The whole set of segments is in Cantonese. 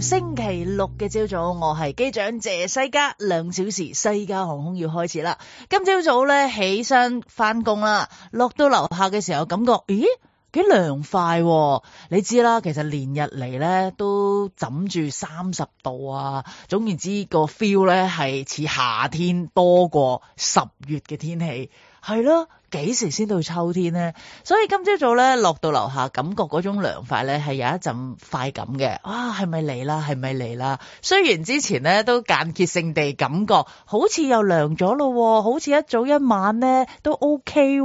星期六嘅朝早，我係機長謝西加，兩小時西加航空要開始啦。今朝早咧起身翻工啦，落到樓下嘅時候感覺，咦，幾涼快喎。你知啦，其實連日嚟咧都枕住三十度啊，總言之個 feel 咧係似夏天多過十月嘅天氣，係啦。幾時先到秋天呢？所以今朝早咧落到樓下，感覺嗰種涼快咧係有一陣快感嘅。啊，係咪嚟啦？係咪嚟啦？雖然之前咧都間歇性地感覺好似又涼咗咯，好似一早一晚咧都 OK，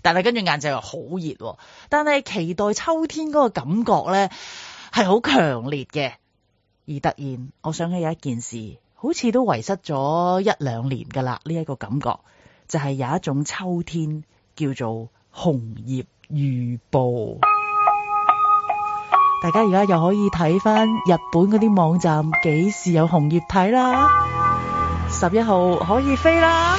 但係跟住晏晝又好熱。但係期待秋天嗰個感覺咧係好強烈嘅。而突然我想起有一件事，好似都遺失咗一兩年噶啦，呢、這、一個感覺。就係有一種秋天叫做紅葉預報，大家而家又可以睇翻日本嗰啲網站幾時有紅葉睇啦，十一號可以飛啦。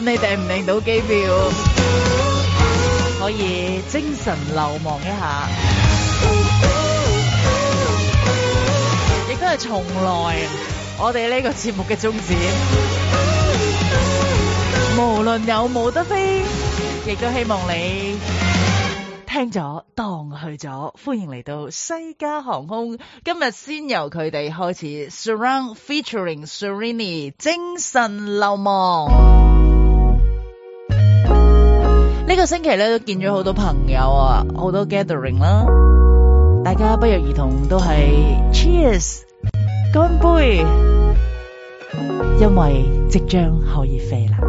你訂唔訂到機票，可以精神流亡一下，亦都係從來我哋呢個節目嘅宗旨。無論有冇得飛，亦都希望你聽咗當去咗。歡迎嚟到西加航空，今日先由佢哋開始 Surround Featuring Serrini 精神流亡。呢個星期咧都見咗好多朋友啊，好多 gathering 啦，大家不約而同都係 cheers 乾杯，因為即將可以飛啦。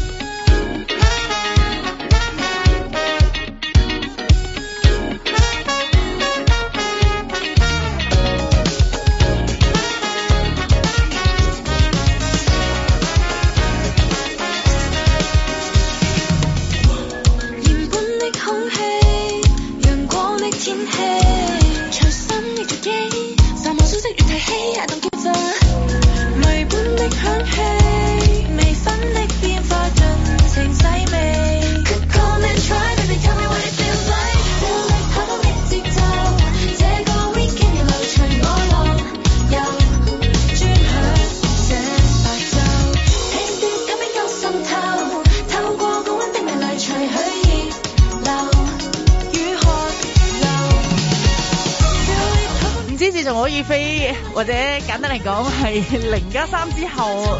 零加三之後，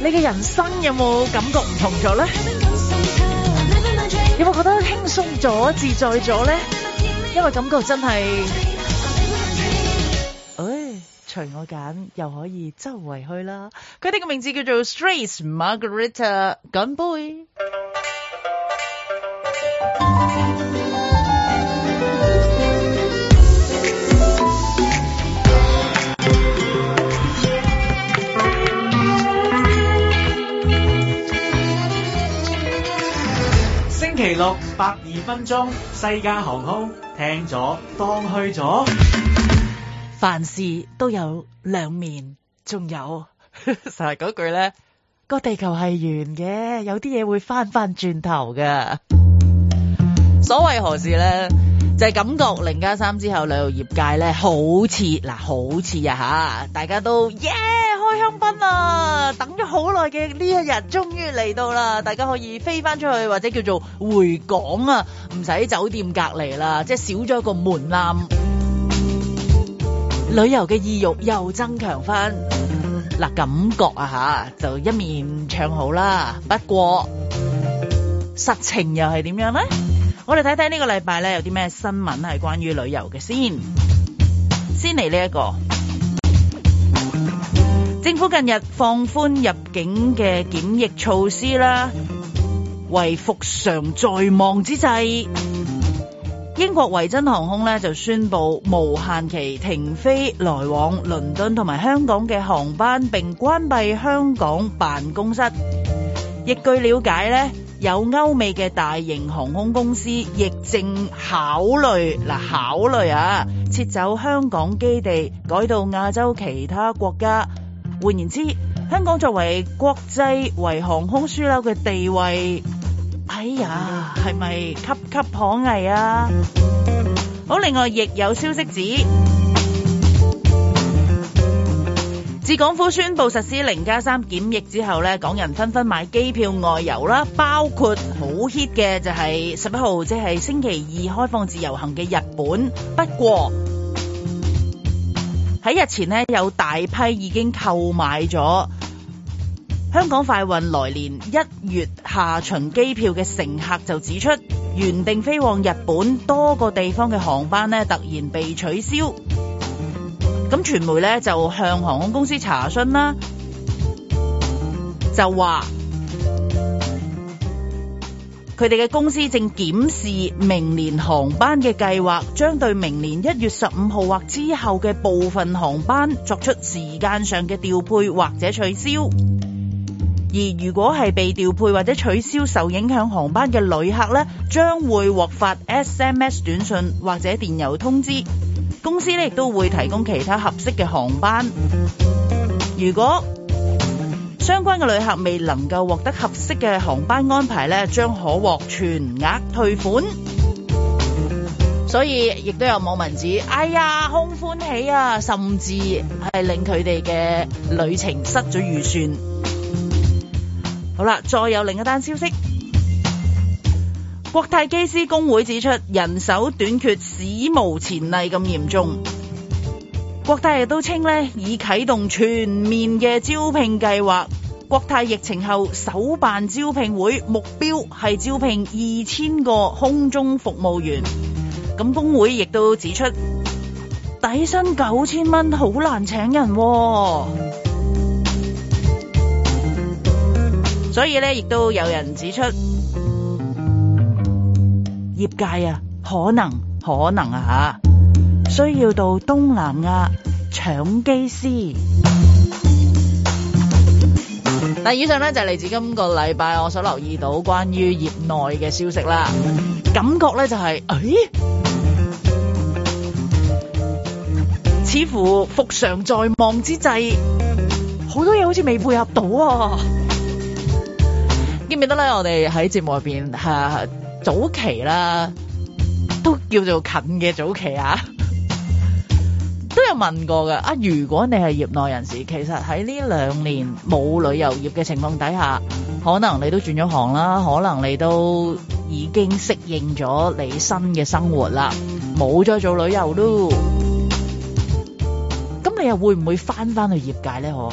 你嘅人生有冇感覺唔同咗咧？有冇覺得輕鬆咗、自在咗咧？因為感覺真係，誒，隨我揀又可以周圍去啦。佢哋嘅名字叫做 Streets Margarita，乾杯。六百二分鐘，西加航空聽咗當去咗。凡事都有兩面，仲有實係嗰句咧，呢個地球係圓嘅，有啲嘢會翻翻轉頭噶。所謂何事咧？就係感覺零加三之後，旅遊業界咧好似嗱，好似啊嚇，大家都耶、yeah，開香檳啦，等咗好耐嘅呢一日終於嚟到啦，大家可以飛翻出去或者叫做回港啊，唔使酒店隔離啦，即係少咗個門檻，旅遊嘅意欲又增強翻。嗱，感覺啊嚇就一面唱好啦，不過實情又係點樣咧？我哋睇睇呢個禮拜咧有啲咩新聞係關於旅遊嘅先，先嚟呢一個，政府近日放寬入境嘅檢疫措施啦，為復常在望之際，英國維珍航空咧就宣布無限期停飛來往倫敦同埋香港嘅航班，並關閉香港辦公室。亦據了解咧。有歐美嘅大型航空公司亦正考慮嗱，考慮啊撤走香港基地，改到亞洲其他國家。換言之，香港作為國際為航空樞紐嘅地位，哎呀，係咪岌岌可危啊？好，另外亦有消息指，自港府宣布實施零加三檢疫之後咧，港人紛紛買機票外遊啦，包括好 hit 嘅就係十一號，即係星期二開放自由行嘅日本。不過喺日前呢，有大批已經購買咗香港快運來年一月下旬機票嘅乘客就指出，原定飛往日本多個地方嘅航班呢，突然被取消。咁傳媒咧就向航空公司查詢啦，就話佢哋嘅公司正檢視明年航班嘅計劃，將對明年一月十五號或之後嘅部分航班作出時間上嘅調配或者取消。而如果係被調配或者取消受影響航班嘅旅客咧，將會獲發 SMS 短信或者電郵通知。公司咧亦都會提供其他合適嘅航班。如果相關嘅旅客未能夠獲得合適嘅航班安排咧，將可獲全額退款。所以亦都有網民指：哎呀，空歡喜啊，甚至係令佢哋嘅旅程失咗預算。好啦，再有另一單消息。國泰機師工會指出，人手短缺史無前例咁嚴重。國泰亦都稱呢，已啟動全面嘅招聘計劃。國泰疫情後首辦招聘會，目標係招聘二千個空中服務員。咁工會亦都指出，底薪九千蚊好難請人。所以呢，亦都有人指出。業界啊，可能可能啊吓，需要到東南亞搶機師。那以上咧就係嚟自今個禮拜我所留意到關於業內嘅消息啦。感覺咧就係、是，咦、哎，似乎復常在望之際，好多嘢好似未配合到、啊。記唔記得咧？我哋喺節目入邊吓。早期啦，都叫做近嘅早期啊， 都有問過㗎。啊，如果你係業內人士，其實喺呢兩年冇旅遊業嘅情況底下，可能你都轉咗行啦，可能你都已經適應咗你新嘅生活啦，冇再做旅遊咯。咁你又會唔會翻翻去業界咧？可？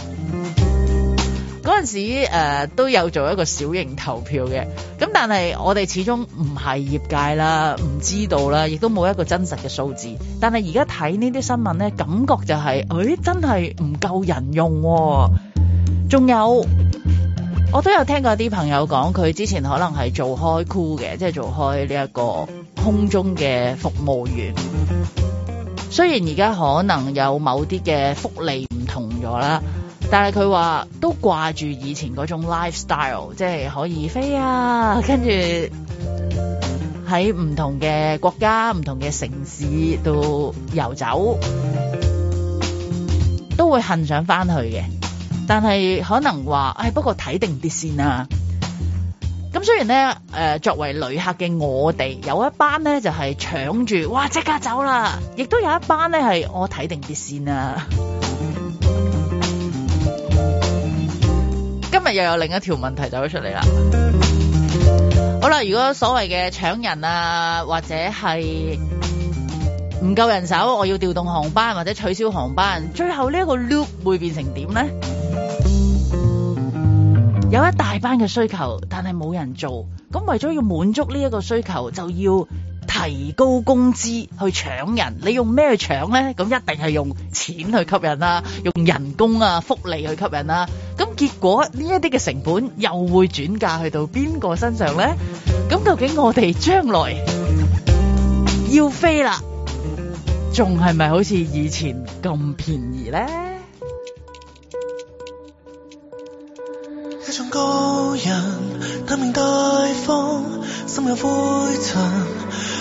嗰陣時誒、呃、都有做一個小型投票嘅，咁但係我哋始終唔係業界啦，唔知道啦，亦都冇一個真實嘅數字。但係而家睇呢啲新聞咧，感覺就係、是，誒、哎、真係唔夠人用、哦。仲有，我都有聽過啲朋友講，佢之前可能係做開 crew 嘅，即係做開呢一個空中嘅服務員。雖然而家可能有某啲嘅福利唔同咗啦。但係佢話都掛住以前嗰種 lifestyle，即係可以飛啊，跟住喺唔同嘅國家、唔同嘅城市度遊走，都會恨想翻去嘅。但係可能話，唉、哎，不過睇定啲先啦。咁雖然咧，誒、呃，作為旅客嘅我哋，有一班咧就係、是、搶住，哇，即刻走啦，亦都有一班咧係我睇定啲先啦。又有另一條問題就會出嚟啦。好啦，如果所謂嘅搶人啊，或者係唔夠人手，我要調動航班或者取消航班，最後呢一個 loop 會變成點呢？ 有一大班嘅需求，但係冇人做，咁為咗要滿足呢一個需求，就要。提高工資去搶人，你用咩搶呢？咁一定係用錢去吸引啦、啊，用人工啊、福利去吸引啦、啊。咁結果呢一啲嘅成本又會轉嫁去到邊個身上呢？咁究竟我哋將來要飛啦，仲係咪好似以前咁便宜呢？一種高人坦明大方，心有灰塵。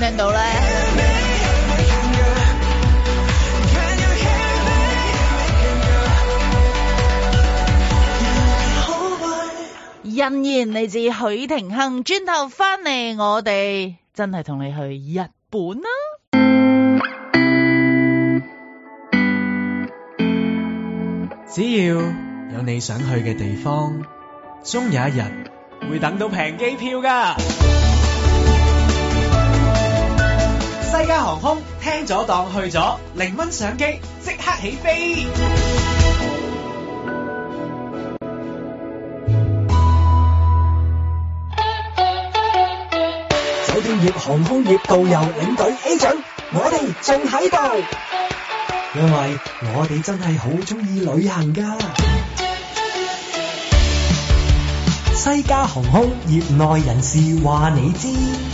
聽到咧。人、yeah, oh、言嚟自許廷鏗，轉頭翻嚟我哋，真係同你去日本啦。只要有你想去嘅地方，終有一日會等到平機票㗎。航空聽咗檔去咗，零蚊相機即刻起飛。酒店業、航空業、導遊領隊 A 準，我哋仲喺度，因為我哋真係好中意旅行噶。西加航空業內人士話你知。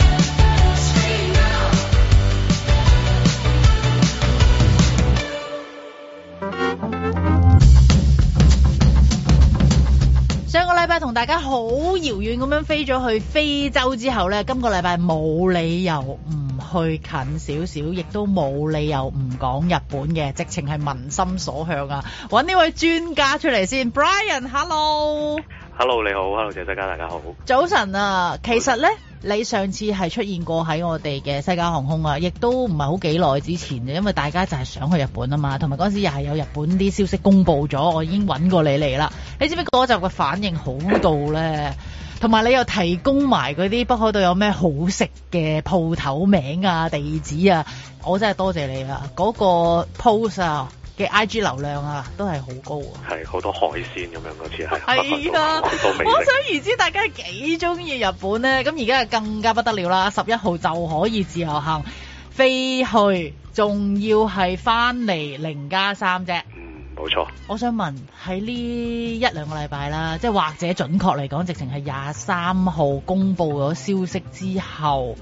同大家好遙遠咁樣飛咗去非洲之後呢，今個禮拜冇理由唔去近少少，亦都冇理由唔講日本嘅，直情係民心所向啊！揾呢位專家出嚟先，Brian，Hello，Hello，你好，Hello，謝大家，大家好，早晨啊，其實呢。Hello. 你上次係出現過喺我哋嘅西加航空啊，亦都唔係好幾耐之前嘅，因為大家就係想去日本啊嘛，同埋嗰時又係有日本啲消息公布咗，我已經揾過你嚟啦。你知唔知嗰集嘅反應好到呢？同埋你又提供埋嗰啲北海道有咩好食嘅鋪頭名啊、地址啊，我真係多謝你啊！嗰、嗰個 post 啊～嘅 I G 流量啊，都係好高啊，係好多海鮮咁樣，嗰次係，係啊，我想而知大家幾鍾意日本咧，咁而家更加不得了啦，十一號就可以自由行，飛去，仲要係返嚟零加三啫，嗯，冇錯。我想問喺呢一兩個禮拜啦，即係或者準確嚟講，直情係廿三號公布咗消息之後。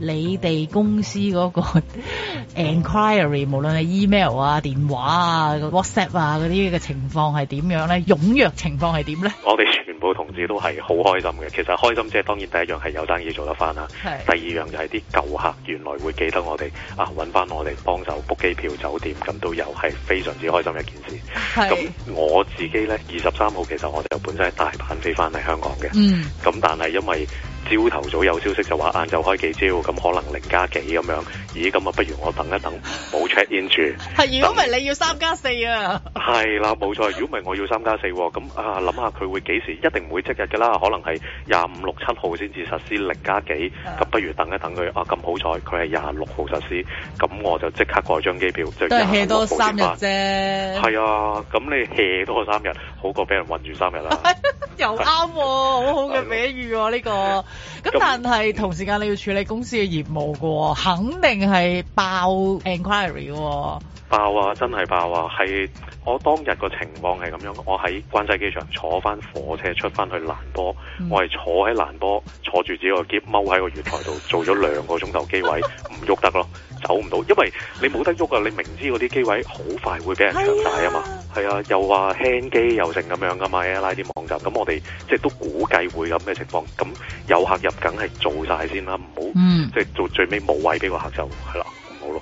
你哋公司嗰個 enquiry，無論係 email 啊、電話啊、WhatsApp 啊嗰啲嘅情況係點樣咧？踴躍情況係點咧？我哋全部同事都係好開心嘅。其實開心即係當然第一樣係有生意做得翻啦。第二樣就係啲舊客原來會記得我哋啊，搵翻我哋幫手 book 機票酒店，咁都有係非常之開心嘅一件事。咁我自己咧，二十三號其實我哋本身係大阪飛翻嚟香港嘅。咁、嗯、但係因為朝頭早有消息就話，晏晝開記招，咁可能零加幾咁樣，咦咁啊不如我等一等，冇 check in 住。係，如果唔係你要三加四啊 是？係啦，冇錯。如果唔係我要三加四，咁啊諗下佢會幾時？一定唔會即日嘅啦，可能係廿五六七號先至實施零加幾。咁不如等一等佢啊？咁好彩佢係廿六號實施，咁我就即刻改張機票，就廿六號。都 hea 多三日啫。係啊，咁你 hea 多三日，好過俾人困住三日啦。 又啱對、啊， 好好嘅比喻呢個。 咁但係同時間你要處理公司嘅業務㗎喎，肯定係爆 inquiry 㗎喎、哦。爆啊！真係爆啊！係，我當日個情況係咁樣，我喺關西機場坐翻火車出翻去蘭波、嗯、我係坐喺蘭波坐住自己個篋踎喺個月台度做咗兩個鐘頭機位，唔 喐得咯。走唔到，因為你冇得喐啊！你明知嗰啲機位好快會俾人搶晒啊嘛，係啊，又話輕機又成咁樣噶嘛，一拉啲網站，咁我哋即係都估計會有咁嘅情況，咁有客入，梗係做晒先啦，唔好、嗯、即係做最尾冇位，俾個客就係啦。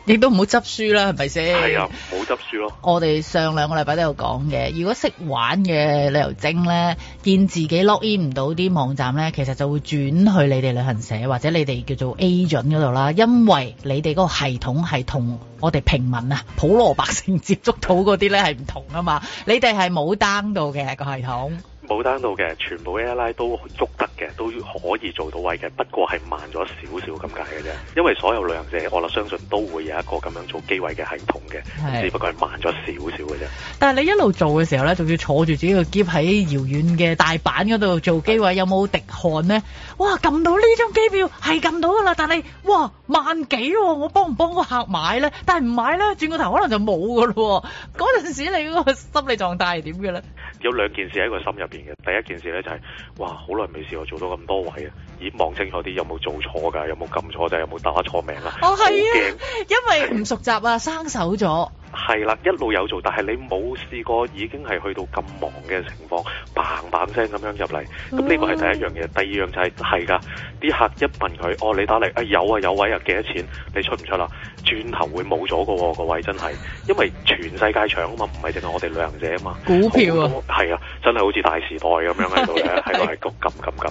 亦都唔好執輸啦，係咪先？係啊，唔好執輸咯。我哋上兩個禮拜都有講嘅，如果識玩嘅旅遊精咧，見自己 login 唔到啲網站咧，其實就會轉去你哋旅行社或者你哋叫做 agent 嗰度啦，因為你哋嗰個系統係同我哋平民啊普羅百姓接觸到嗰啲咧係唔同啊嘛，你哋係冇 down 到嘅個系統。保單到嘅，全部 Airline 都捉得嘅，都可以做到位嘅，不過係慢咗少少咁解嘅啫。因為所有旅行社，我相信都會有一個咁樣做機位嘅系統嘅，只不過係慢咗少少嘅啫。但係你一路做嘅時候呢，仲要坐住自己個喼喺遙遠嘅大阪嗰度做機位，有冇滴汗呢？哇，撳到呢張機票係撳到㗎啦，但係哇萬幾喎、哦，我幫唔幫個客買咧？但係唔買咧，轉個頭可能就冇㗎喎！嗰陣時你嗰個心理狀態係點㗎咧？有兩件事喺個心入邊嘅，第一件事咧就係、是、哇，好耐未試過做到咁多位啊！咦，望清楚啲有冇做錯㗎，有冇撳錯就係有冇打錯名啦。哦係啊，因為唔熟習啊， 生手咗。係啦，一路有做，但係你冇試過已經係去到咁忙嘅情況，砰砰聲咁樣入嚟。咁呢個係第一樣嘢、啊，第二樣就係係㗎。啲客一問佢，哦，你打嚟、哎、啊，有啊有位啊，幾多錢？你出唔出啦、啊？轉頭會冇咗㗎喎，個位真係，因為全世界搶啊嘛，唔係淨係我哋旅行者啊嘛。股票啊，係啊，真係好似大時代咁樣喺度咧，喺度係撳撳撳，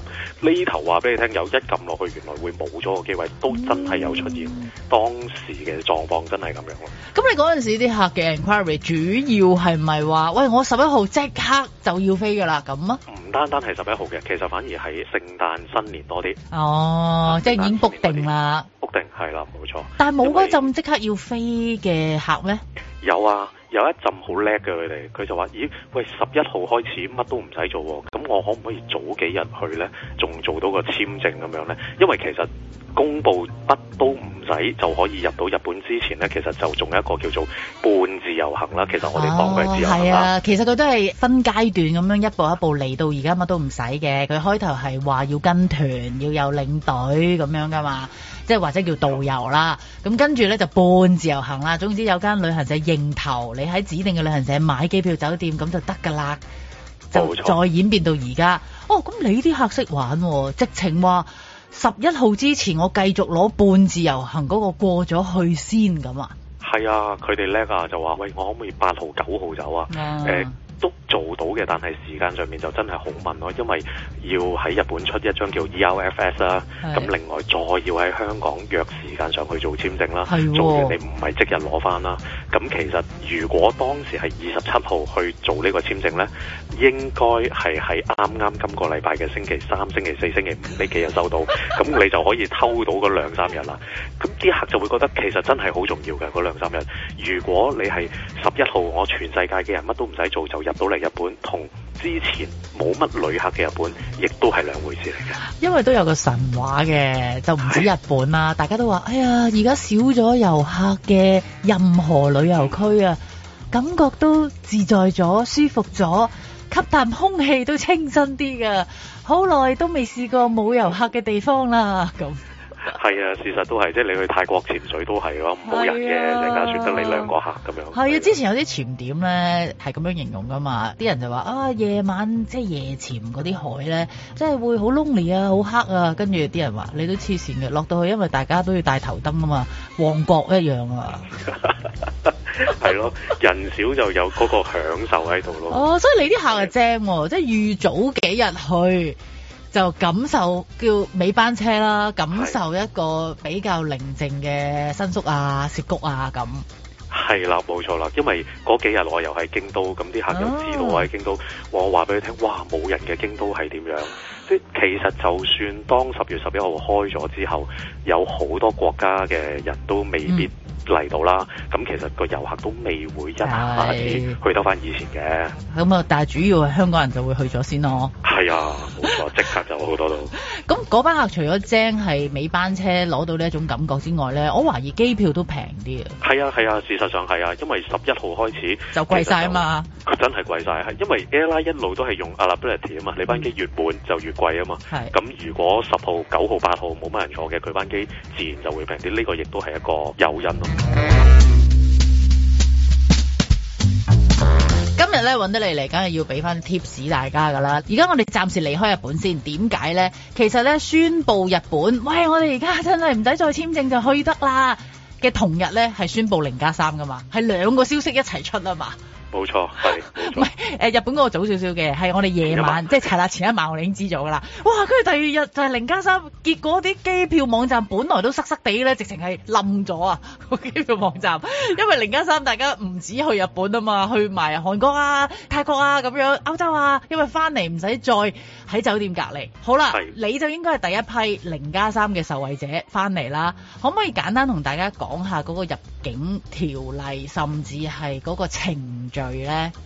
呢頭話俾你。聽有一撳落去，原來會冇咗個機會，都真係有出現、嗯、當時嘅狀況真樣，真係咁樣咯。咁你嗰陣時啲客嘅 enquiry 主要係唔係話，喂，我十一號即刻就要飛噶啦，咁啊？唔單單係十一號嘅，其實反而係聖誕新年多啲。哦，即係已經 book 定啦。book 定係啦，冇錯。但係冇嗰陣即刻要飛嘅客咩？有啊。有一陣好叻嘅佢哋，佢就話：咦，喂！十一號開始乜都唔使做，咁我可唔可以早幾日去呢？仲做到個簽證咁樣呢？因為其實公佈乜都唔使就可以入到日本之前呢，其實就仲有一個叫做半自由行啦。其實我哋講嘅自由行啦、啊啊，其實佢都係分階段咁樣一步一步嚟到而家乜都唔使嘅。佢開頭係話要跟團，要有領隊咁樣噶嘛。即係或者叫導遊啦，咁跟住咧就半自由行啦。總之有間旅行社認頭，你喺指定嘅旅行社買機票、酒店，咁就得㗎啦。就再演變到而家。哦，咁你啲客識玩喎、哦，即情話十一號之前我繼續攞半自由行嗰個過咗去先咁啊。係啊，佢哋叻啊，就話：喂，我可唔可以八號九號走啊？嗯誒都做到嘅，但係時間上面就真係好悶咯、啊，因為要喺日本出一張叫 E.R.F.S 啦、啊，咁另外再要喺香港約時間上去做簽證啦、啊，做完你唔係即日攞翻啦。咁其實如果當時係二十七號去做呢個簽證呢，應該係喺啱啱今個禮拜嘅星期三、星期四、星期五呢幾日收到，咁 你就可以偷到嗰兩三日啦。咁啲客就會覺得其實真係好重要嘅嗰兩三日。如果你係十一號，我全世界嘅人乜都唔使做就。入到嚟日本同之前冇乜旅客嘅日本，亦都係兩回事嚟嘅。因為都有個神話嘅，就唔止日本啦。大家都話，哎呀，而家少咗遊客嘅任何旅遊區啊，感覺都自在咗、舒服咗，吸啖空氣都清新啲啊！好耐都未試過冇遊客嘅地方啦，咁。係 啊，事實都係，即係你去泰國潛水都係咯，冇人嘅，而家算得你兩個客咁樣。係啊，啊，啊，之前有啲潛點咧係咁樣形容噶嘛，啲人就話啊，夜晚即係夜潛嗰啲海咧，即係會好 lonely 啊，好黑啊，跟住啲人話你都黐線嘅，落到去因為大家都要戴頭燈啊嘛，旺角一樣啊。係 咯、 啊，人少就有嗰個享受喺度咯。哦，所以你啲客係正喎，即係預早幾日去。就感受叫尾班車啦，感受一個比較寧靜嘅新宿啊、涉谷啊咁。係啦，冇錯啦，因為嗰幾日我又係京都，咁啲客人又知道我喺京都，啊、我話俾佢聽哇，冇人嘅京都係點樣，即其實就算當十月十一號開咗之後，有好多國家嘅人都未必、嗯。嚟到啦，咁其實個遊客都未會一下子去到翻以前嘅。咁啊，但係主要係香港人就會去咗先咯。係啊，冇錯，即刻就好多到。咁 嗰班客除咗精係尾班車攞到呢一種感覺之外咧，我懷疑機票都平啲啊。係啊係啊，事實上係啊，因為十一號開始就貴晒啊嘛。佢真係貴晒，係因為 Airline 一路都係用 Capacity 啊嘛，你班機越滿就越貴啊嘛。係。咁如果十號、九號、八號冇乜人坐嘅，佢班機自然就會平啲。呢、這個亦都係一個誘因咯。嗯今日咧揾得你嚟，梗係要俾翻 tips 大家噶啦。而家我哋暫時離開日本先，點解咧？其實咧宣布日本，喂，我哋而家真係唔使再簽證就去得啦。嘅同日咧係宣布零加三噶嘛，係兩個消息一齊出啊嘛。冇錯，係唔係？誒、呃、日本嗰個早少少嘅，係我哋夜晚，晚，即係查下前一晚我哋已經知咗㗎啦。哇！跟住第二日就係零加三，結果啲機票網站本來都塞塞地咧，直情係冧咗啊！個機票網站，因為零加三，大家唔止去日本啊嘛，去埋韓國啊、泰國啊咁樣、歐洲啊，因為翻嚟唔使再喺酒店隔離。好啦，你就應該係第一批零加三嘅受惠者翻嚟啦。可唔可以簡單同大家講下嗰個入境條例，甚至係嗰個程序？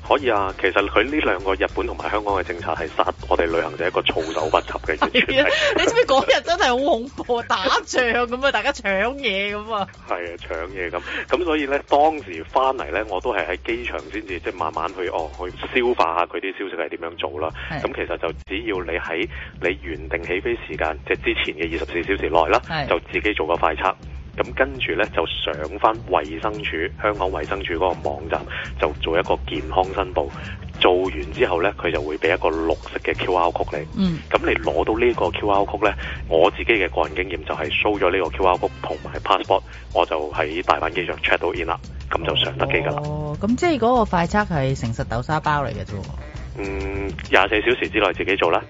可以啊。其實佢呢兩個日本同埋香港嘅政策係殺我哋旅行者一個措手不及嘅。 你知唔知嗰日真係好恐怖， 打仗咁啊，大家搶嘢咁啊。係啊，搶嘢咁。咁所以呢，當時翻嚟呢，我都係喺機場先至，即係慢慢去哦，去消化下佢啲消息係點樣做啦。咁其實就只要你喺你原定起飛時間即係之前嘅二十四小時內啦，就自己做個快測。咁跟住咧就上翻衛生署香港衛生署嗰個網站，就做一個健康申報。做完之後咧，佢就會俾一個綠色嘅 Q R code 嚟。你。嗯。咁你攞到個呢個 Q R code 呢，咧，我自己嘅個人經驗就係 show 咗呢個 Q R code 同埋 passport，我就喺大班機上 check 到 in 啦，咁就上得機㗎啦。哦，咁即係嗰個快測係誠實豆沙包嚟嘅啫。嗯，廿四小時之內自己做啦。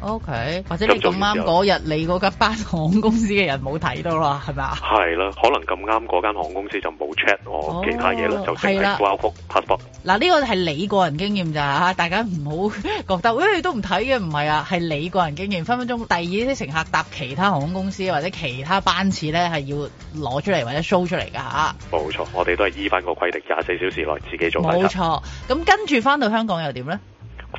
O、okay, K，或者你咁啱嗰日你嗰間班航空公司嘅人冇睇到咯，係咪？係啦，可能咁啱嗰間航空公司就冇 check 我其他嘢啦，就算掛號發佈。嗱，呢、這個係你個人經驗咋嚇，大家唔好覺得，哎、你都唔睇嘅，唔係啊，係你個人經驗。分分鐘第二啲乘客乘搭其他航空公司或者其他班次咧，係要攞出嚟或者 show 出嚟㗎嚇。冇錯，我哋都係依翻個規定，廿四小時內自己做。冇錯，咁跟住翻到香港又點咧？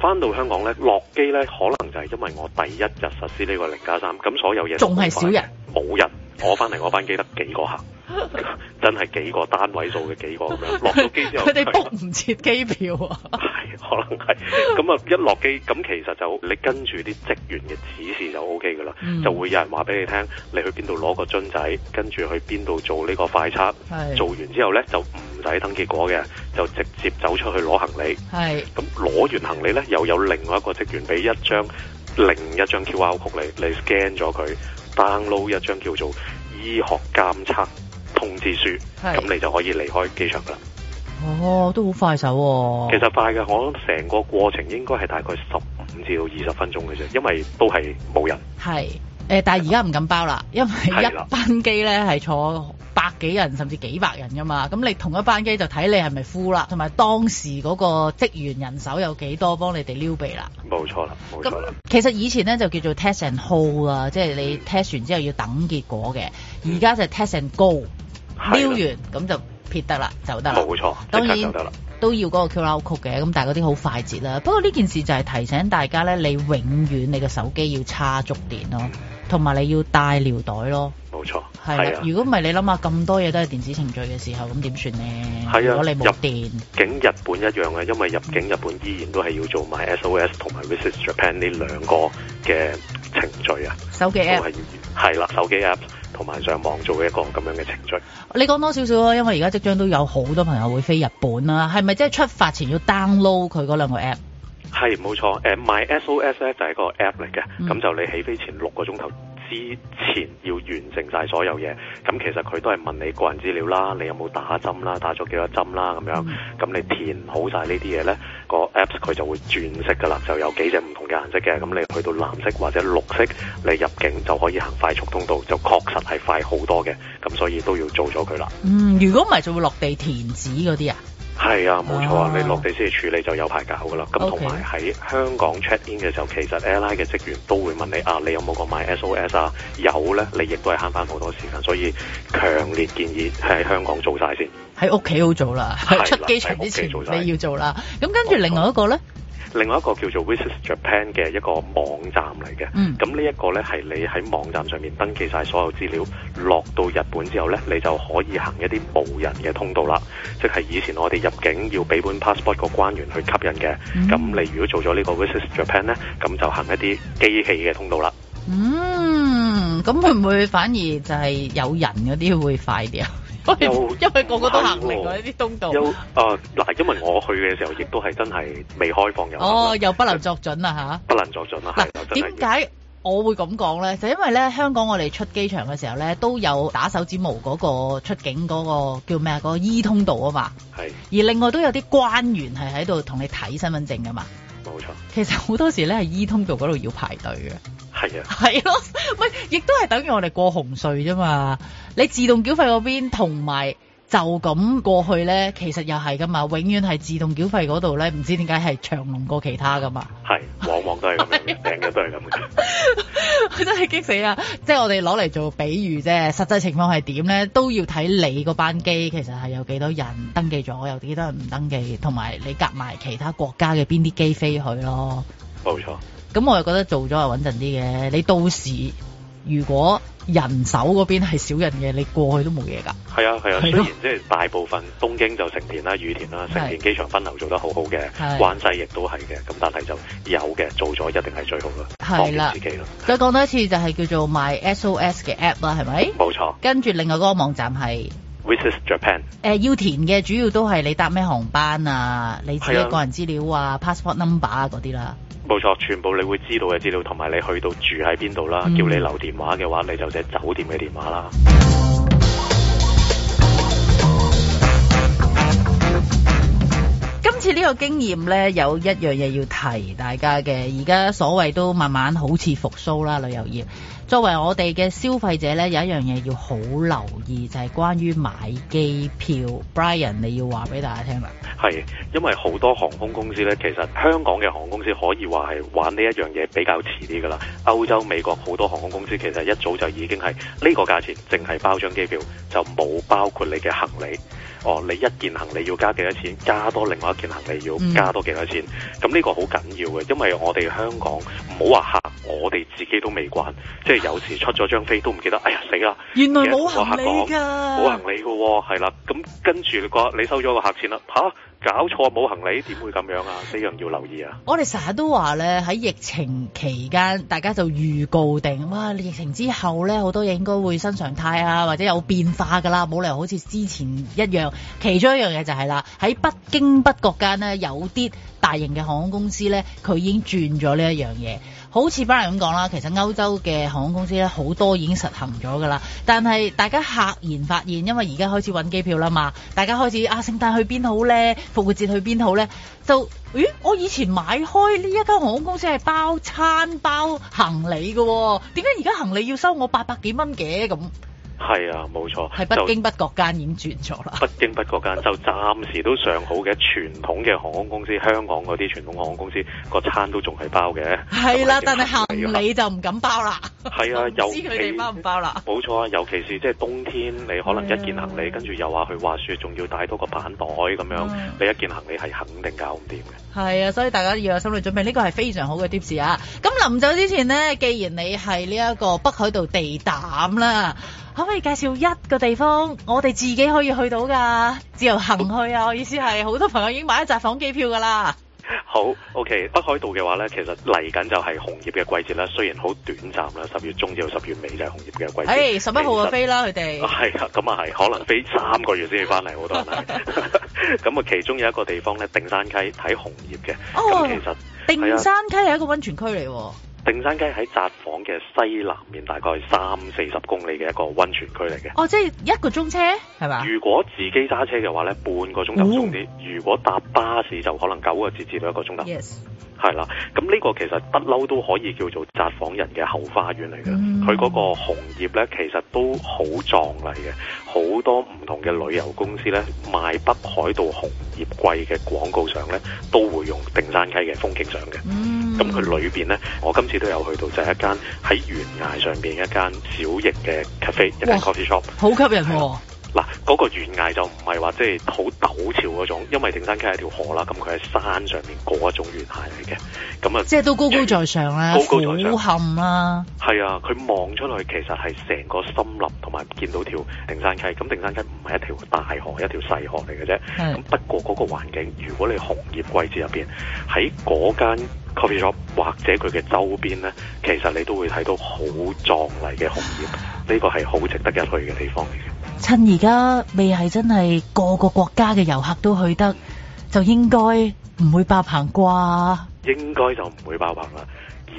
返到香港咧，落機咧可能就係因為我第一日實施呢個零加三，咁所有嘢仲係少人，冇人。我翻嚟我班機得幾個客。 真係幾個單位數嘅幾個咁樣，落咗機之後，佢哋 book 唔切機票，啊， 係可能係咁啊！一落機咁，其實就你跟住啲職員嘅指示就 O K 噶啦。嗯、就會有人話俾你聽，你去邊度攞個樽仔，跟住去邊度做呢個快測，做完之後呢就唔使等結果嘅，就直接走出去攞行李。係咁攞完行李呢，又有另外一個職員俾一張另一張 Q R code 你，你 scan 咗佢 download 一張叫做醫學監測通知書，咁你就可以離開機場噶啦。哦，都好快手、啊。其實快嘅，我諗成個過程應該係大概十五至到二十分鐘嘅啫，因為都係冇人。係、呃、但係而家唔敢包啦、啊，因為一班機咧係坐百幾人甚至幾百人噶嘛。咁你同一班機就睇你係咪 full 啦，同埋當時嗰個職員人手有幾多幫你哋撩鼻啦。冇錯啦，冇錯啦。其實以前咧就叫做 test and hold 啦，即係你 test 完之後要等結果嘅。而、嗯、家就係 test and go。撩完咁就撇得啦，就得啦。冇錯得，當然都要嗰個 QR Code 嘅，咁但係嗰啲好快捷啦。不過呢件事就係提醒大家咧，你永遠你個手機要叉足電咯，同、嗯、埋你要帶尿袋咯。冇錯，係啦。如果唔係你諗下咁多嘢都係電子程序嘅時候，咁點算咧？係啊，如果你冇電。入境日本一樣嘅，因為入境日本依然都係要做埋 SOS 同埋 Visit Japan 呢兩個嘅程序啊。手機 App M-。係啦，手機 app 同埋上網做一個咁樣嘅程序。你講多少少啊？因為而家即將都有好多朋友會飛日本啦，係咪即係出發前要 download 佢嗰兩個 app？係，冇錯，誒 MySOS 咧就係一個 app 嚟嘅，咁、嗯、就你起飛前六個鐘頭，之前要完成晒所有嘢，咁其實佢都係問你個人資料啦，你有冇打針啦，打咗幾多針啦，咁樣，咁、嗯、你填好晒呢啲嘢咧，個 apps 佢就會轉色噶啦，就有幾隻唔同嘅顏色嘅，咁你去到藍色或者綠色你入境就可以行快速通道，就確實係快好多嘅，咁所以都要做咗佢啦。嗯，如果唔係就會落地填紙嗰啲啊？係啊，冇錯啊，啊，你落地先去處理就有排搞噶啦。咁同埋喺香港 check in 嘅時候，其實 airline 嘅職員都會問你啊，你有冇個買 SOS 啊？有咧，你亦都係慳翻好多時間，所以強烈建議係喺香港做曬先。喺屋企好做啦、啊，出機場之前做你要做啦。咁跟住另外一個咧。另外一個叫做 Visit Japan 嘅一個網站嚟嘅，咁呢一個呢，係你喺網站上面登記晒所有資料，落到日本之後呢，你就可以行一啲無人嘅通道啦。即係以前我哋入境要俾本 passport 個關員去吸引嘅，咁、嗯、你如果做咗呢個 Visit Japan 呢，咁就行一啲機器嘅通道啦。嗯，咁會唔會反而就係有人嗰啲會快啲啊？因為因為個個都行另外一啲通道。又啊嗱、呃，因為我去嘅時候，亦都係真係未開放入。 哦，又不能作準啦、啊、吓。不能作準啦、啊。嗱、啊，點解我，我會咁講咧？就因為咧，香港我哋出機場嘅時候咧，都有打手指模嗰個出境嗰、那個叫咩啊？嗰、那個 E 通道啊嘛。係。而另外都有啲官員係喺度同你睇身份證噶嘛。冇錯。其實好多時咧係 E 通道嗰度要排隊嘅。係啊，係咯，唔係亦都係等於我哋過紅隧啫嘛。你自動繳費嗰邊同埋就咁過去咧，其實又係噶嘛。永遠係自動繳費嗰度咧，唔知點解係長龍過其他噶嘛。係，往往都係咁樣，訂嘅都係咁。我真係激死啊！即係我哋攞嚟做比喻啫，實際情況係點咧，都要睇你嗰班機其實係有幾多人登記咗，有幾多人唔登記，同埋你夾埋其他國家嘅邊啲機飛去咯。冇錯。咁我又覺得做咗係穩陣啲嘅。你到時如果人手嗰邊係少人嘅，你過去都冇嘢㗎。係啊係啊，啊，雖然即係大部分東京就成田啦、羽田啦、成田機場分流做得好好嘅，關西亦都係嘅。咁但係就有嘅，做咗一定係最好啦，係啦、啊、自己咯。再講多一次就係叫做 MySOS 嘅 app 啦係咪？冇錯。跟住另外嗰個網站係。Visits Japan、呃。要填嘅主要都係你搭咩航班啊，你自己個人資料啊，啊、passport number 啊嗰啲啦。冇錯，全部你會知道嘅資料，同埋你去到住喺邊度啦，叫你留電話嘅話，你就寫酒店嘅電話啦。今次呢個經驗呢，有一樣嘢要提大家嘅。而家所謂都慢慢好似復甦啦，旅遊業。作為我哋嘅消費者呢，有一樣嘢要好留意，就係關於買機票。Brian，你要話俾大家聽啦。係，因為好多航空公司呢，其實香港嘅航空公司可以話係玩呢一樣嘢比較遲啲噶啦。歐洲、美國好多航空公司其實一早就已經係呢個價錢，淨係包張機票，就冇包括你嘅行李。哦，你一件行李要加幾多錢？加多另外一件行李要加多幾多錢？咁、嗯、呢個好緊要嘅，因為我哋香港唔好話客，我哋自己都未慣，即係有時出咗張飛都唔記得，哎呀死啦！原來冇客講㗎，冇行李嘅，係啦，咁跟住你收咗個客錢啦，吓搞錯，冇行李點會咁樣啊？呢樣要留意啊！我哋成日都話咧，喺疫情期間，大家就預告定哇，疫情之後咧，好多嘢應該會新常態啊，或者有變化噶啦，冇理由好似之前一樣。其中一樣嘢就係啦，喺不經不覺間咧，有啲大型嘅航空公司咧，佢已經轉咗呢一樣嘢。好似班人咁講啦，其實歐洲嘅航空公司咧，好多已經實行咗㗎啦，但係大家嚇然發現，因為而家開始揾機票啦嘛，大家開始啊，聖誕去邊好咧，復活節去邊好咧，就，咦我以前買開呢一間航空公司係包餐包行李㗎喎，點解而家行李要收我八百幾蚊嘅咁？係啊，冇錯。係北京北國間已經轉咗啦。北京北國間就暫時都尚好嘅，傳統嘅航空公司， 香港嗰啲傳統航空公司個餐都仲係包嘅。係啦、啊就係，但係行李就唔敢包啦。係啊，又 知佢哋包唔包啦？冇錯啊，尤其是即係冬天，你可能一件行李，跟住、啊、又去話去滑雪，仲要帶多個板袋咁樣、啊，你一件行李係肯定搞唔掂嘅。係啊，所以大家要有心理準備，呢、這個係非常好嘅 tips 啊！咁臨走之前呢，既然你係呢一個北海道地膽啦～可唔可以介紹一個地方，我哋自己可以去到噶，自由行去啊！我意思係好多朋友已經買咗一扎房機票噶啦。好，OK，北海道嘅話咧，其實嚟緊就係紅葉嘅季節啦，雖然好短暫啦，十月中至到十月尾就係紅葉嘅季節。唉、欸，十一號嘅飛啦，佢哋。係、啊，咁啊係，可能飛三個月先至翻嚟好多人啦，咁啊，其中有一個地方咧，定山溪睇紅葉嘅。哦。其實定山溪係一個溫泉區嚟。定山溪喺札幌嘅西南面，大概三四十公里嘅一個溫泉區嚟嘅。哦，即係一個鐘車係嘛？如果自己揸車嘅話咧，半個鐘頭鬆啲；如果搭巴士就可能九個字至到一個鐘頭啦。係、yes. 啦，咁呢個其實不嬲都可以叫做札幌人嘅後花園嚟嘅。佢、嗯、嗰個紅葉咧，其實都好壯麗嘅，好多唔同嘅旅遊公司咧賣北海道紅葉季嘅廣告上咧，都會用定山溪嘅風景相嘅。嗯咁、嗯、佢裏邊咧，我今次都有去到，就係一間喺懸崖上邊一間小型嘅 cafe，一間 coffee shop，好吸引喎、啊。嗱、啊，嗰、那個懸崖就唔係話即係好陡峭嗰種，因為定山溪係條河啦，咁佢喺山上面嗰一種懸崖嚟嘅，咁啊，即係都高高在上啦、啊，高高在上，好冚啦。係啊，佢、啊、望出嚟望出去，其實係成個森林，同埋見到條定山溪。咁定山溪唔係一條大河，一條細河嚟嘅啫。咁不過嗰個環境，如果你紅葉季節入邊，喺嗰間 copy 咗或者佢嘅周邊咧，其實你都會睇到好壯麗嘅紅葉，呢個係好值得一去嘅地方嚟嘅。趁而家未係真係個個國家嘅遊客都去得，就應該唔會爆棚啩。應該就唔會爆棚啦。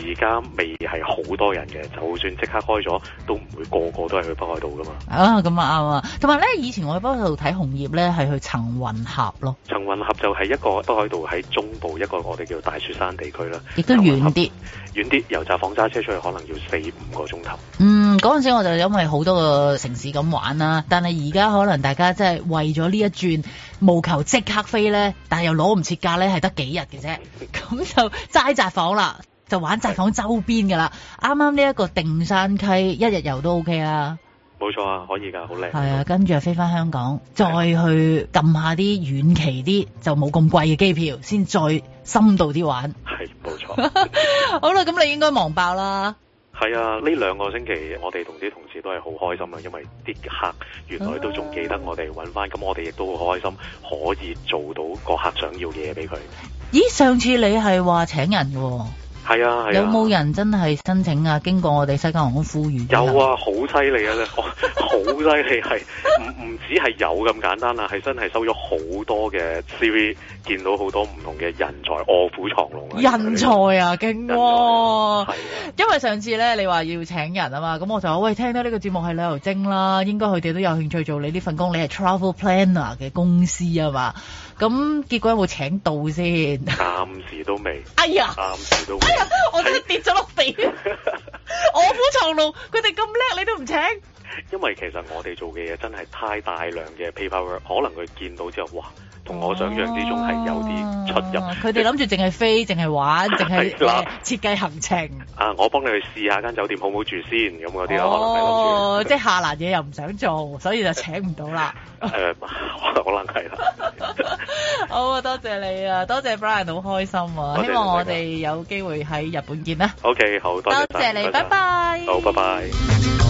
而家未係好多人嘅，就算即刻開咗，都唔會個個都係去北海道㗎嘛。啊，咁啊啱啊！同埋咧，以前我去北海道睇紅葉咧，係去層雲峽咯。層雲峽就係一個北海道喺中部一個我哋叫大雪山地區啦，亦都遠啲，遠啲，由札幌揸車出去可能要四五個鐘頭。嗯，嗰陣時我就因為好多個城市咁玩啦、啊，但係而家可能大家即係為咗呢一轉，無求即刻飛咧，但係又攞唔切價咧，係得幾日嘅啫，咁 就齋札幌啦。就玩窄房周邊㗎啦，啱啱呢一個定山溪一日遊都 OK 啊，冇錯啊，可以噶，好靚。係啊，跟住飛翻香港，再去撳下啲遠期啲，就冇咁貴嘅機票，先再深度啲玩。係冇錯。錯 好啦，咁你應該忙爆啦。係啊，呢兩個星期我哋同啲同事都係好開心啊，因為啲客原來都仲記得我哋搵翻，咁、啊、我哋亦都好開心，可以做到個客想要嘢俾佢。咦，上次你係話請人喎？係啊，啊，有冇人真係申請啊？經過我哋西加航空呼籲，有啊，好犀利啊！好犀利係，唔唔止係有咁簡單啊，係真係收咗好多嘅 CV，見到好多唔同嘅人才，臥虎藏龍啊，啊！人才啊，勁哇、啊！因為上次咧，你話要請人啊嘛，咁我就話：「喂，聽到呢個節目係旅遊精啦，應該佢哋都有興趣做你呢份工，你係 travel planner 嘅公司啊嘛，咁結果有冇請到先？暫時都未。哎呀，暫時都未。 我真係跌咗落地，臥虎藏龍，佢哋咁叻，你都唔請？因為其實我哋做嘅嘢真係太大量嘅 paperwork，可能佢見到之後，哇！同我想象之中係有啲出入。佢哋諗住淨係飛，淨係玩，淨 係只是、 uh, 設計行程。啊、uh，我幫你去試下間酒店好唔好住先，咁嗰啲咯。哦、oh， 即係下欄嘢又唔想做，所以就請唔到啦。誒，可能係啦。好，多謝，謝你啊，多謝，謝 Brian，好開心啊，希望我哋有機會喺日本見啦。OK，好，多謝多謝你，拜拜。拜拜好，拜拜。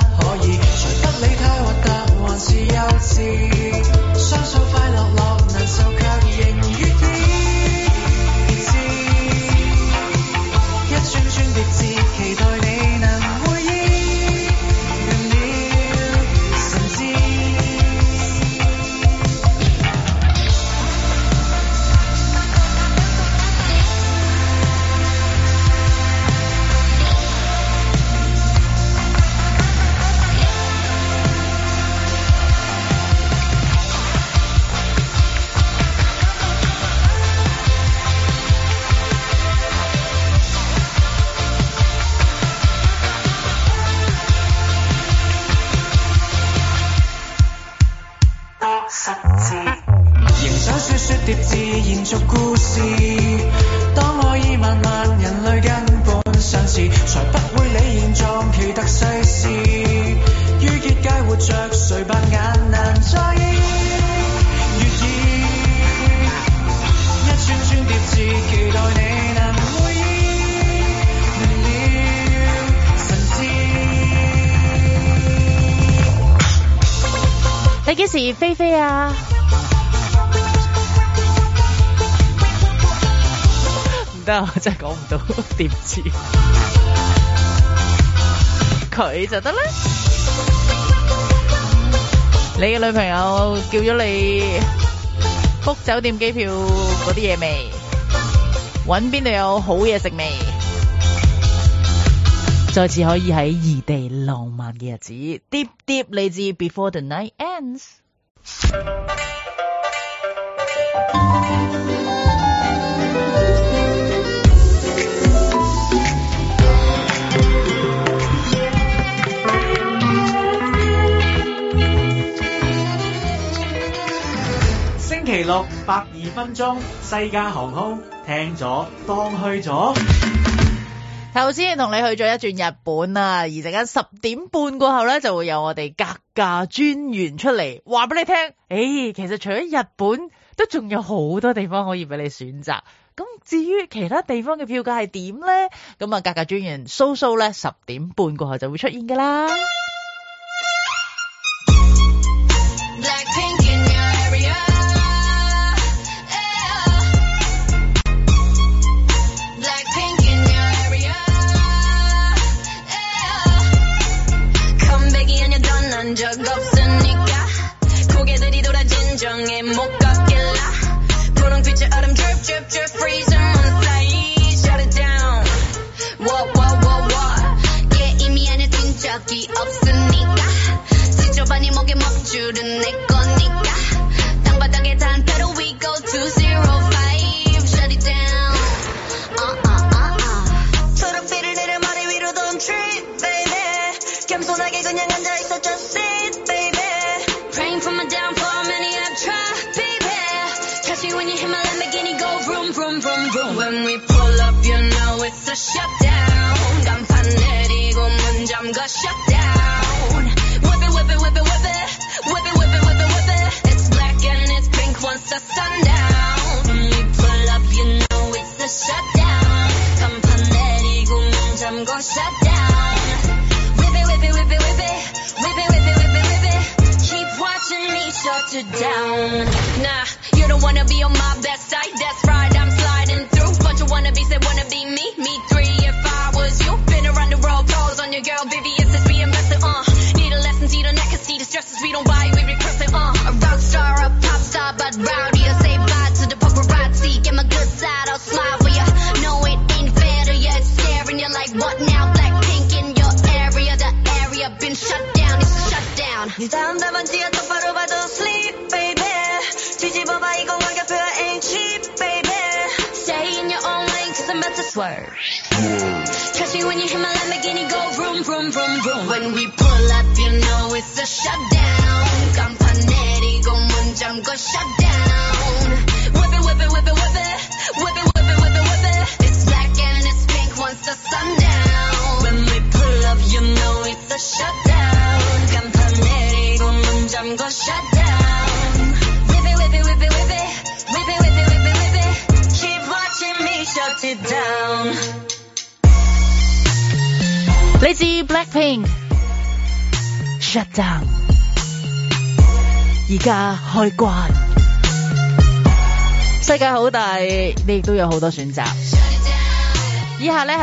真係講唔到點知，佢就得啦。你嘅女朋友叫咗你 book 酒店機票嗰啲嘢未？揾邊度有好嘢食未？再次可以喺異地浪漫嘅日子，Dip Dip 嚟自 Before the Night Ends。六百二分鐘，西加航空聽咗當去咗。頭先同你去咗一轉日本啊，而陣間十點半過後呢，就會有我哋格價專員出嚟話俾你聽。誒、欸，其實除咗日本，都仲有好多地方可以俾你選擇。咁至於其他地方嘅票價係點呢？咁啊格價專員蘇蘇呢，十點半過後就會出現㗎啦。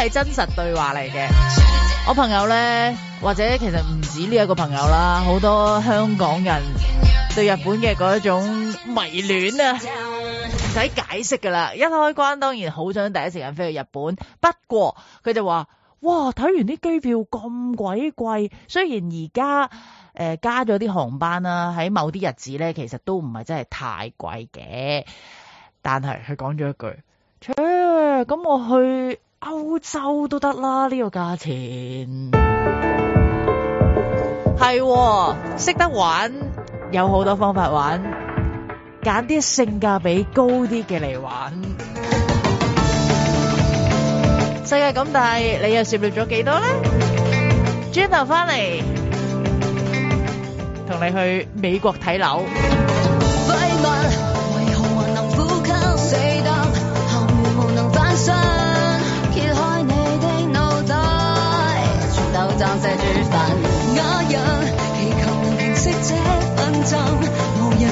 係真實對話嚟嘅，我朋友咧，或者其實唔止呢一個朋友啦，好多香港人對日本嘅嗰一種迷戀啊，唔使解釋噶啦。一開關當然好想第一時間飛去日本，不過佢就話：「哇，睇完啲機票咁鬼貴，雖然而家誒加咗啲航班啦，喺某啲日子咧，其實都唔係真係太貴嘅，但係佢講咗一句：「咁我去。歐洲都得啦，呢個價錢係識 得玩，有好多方法玩，揀啲性價比高啲嘅嚟玩。 世界咁大，你又涉獵咗幾多咧？轉頭翻嚟，同你去美國睇樓。為何還能呼吸？死得後面無能翻身。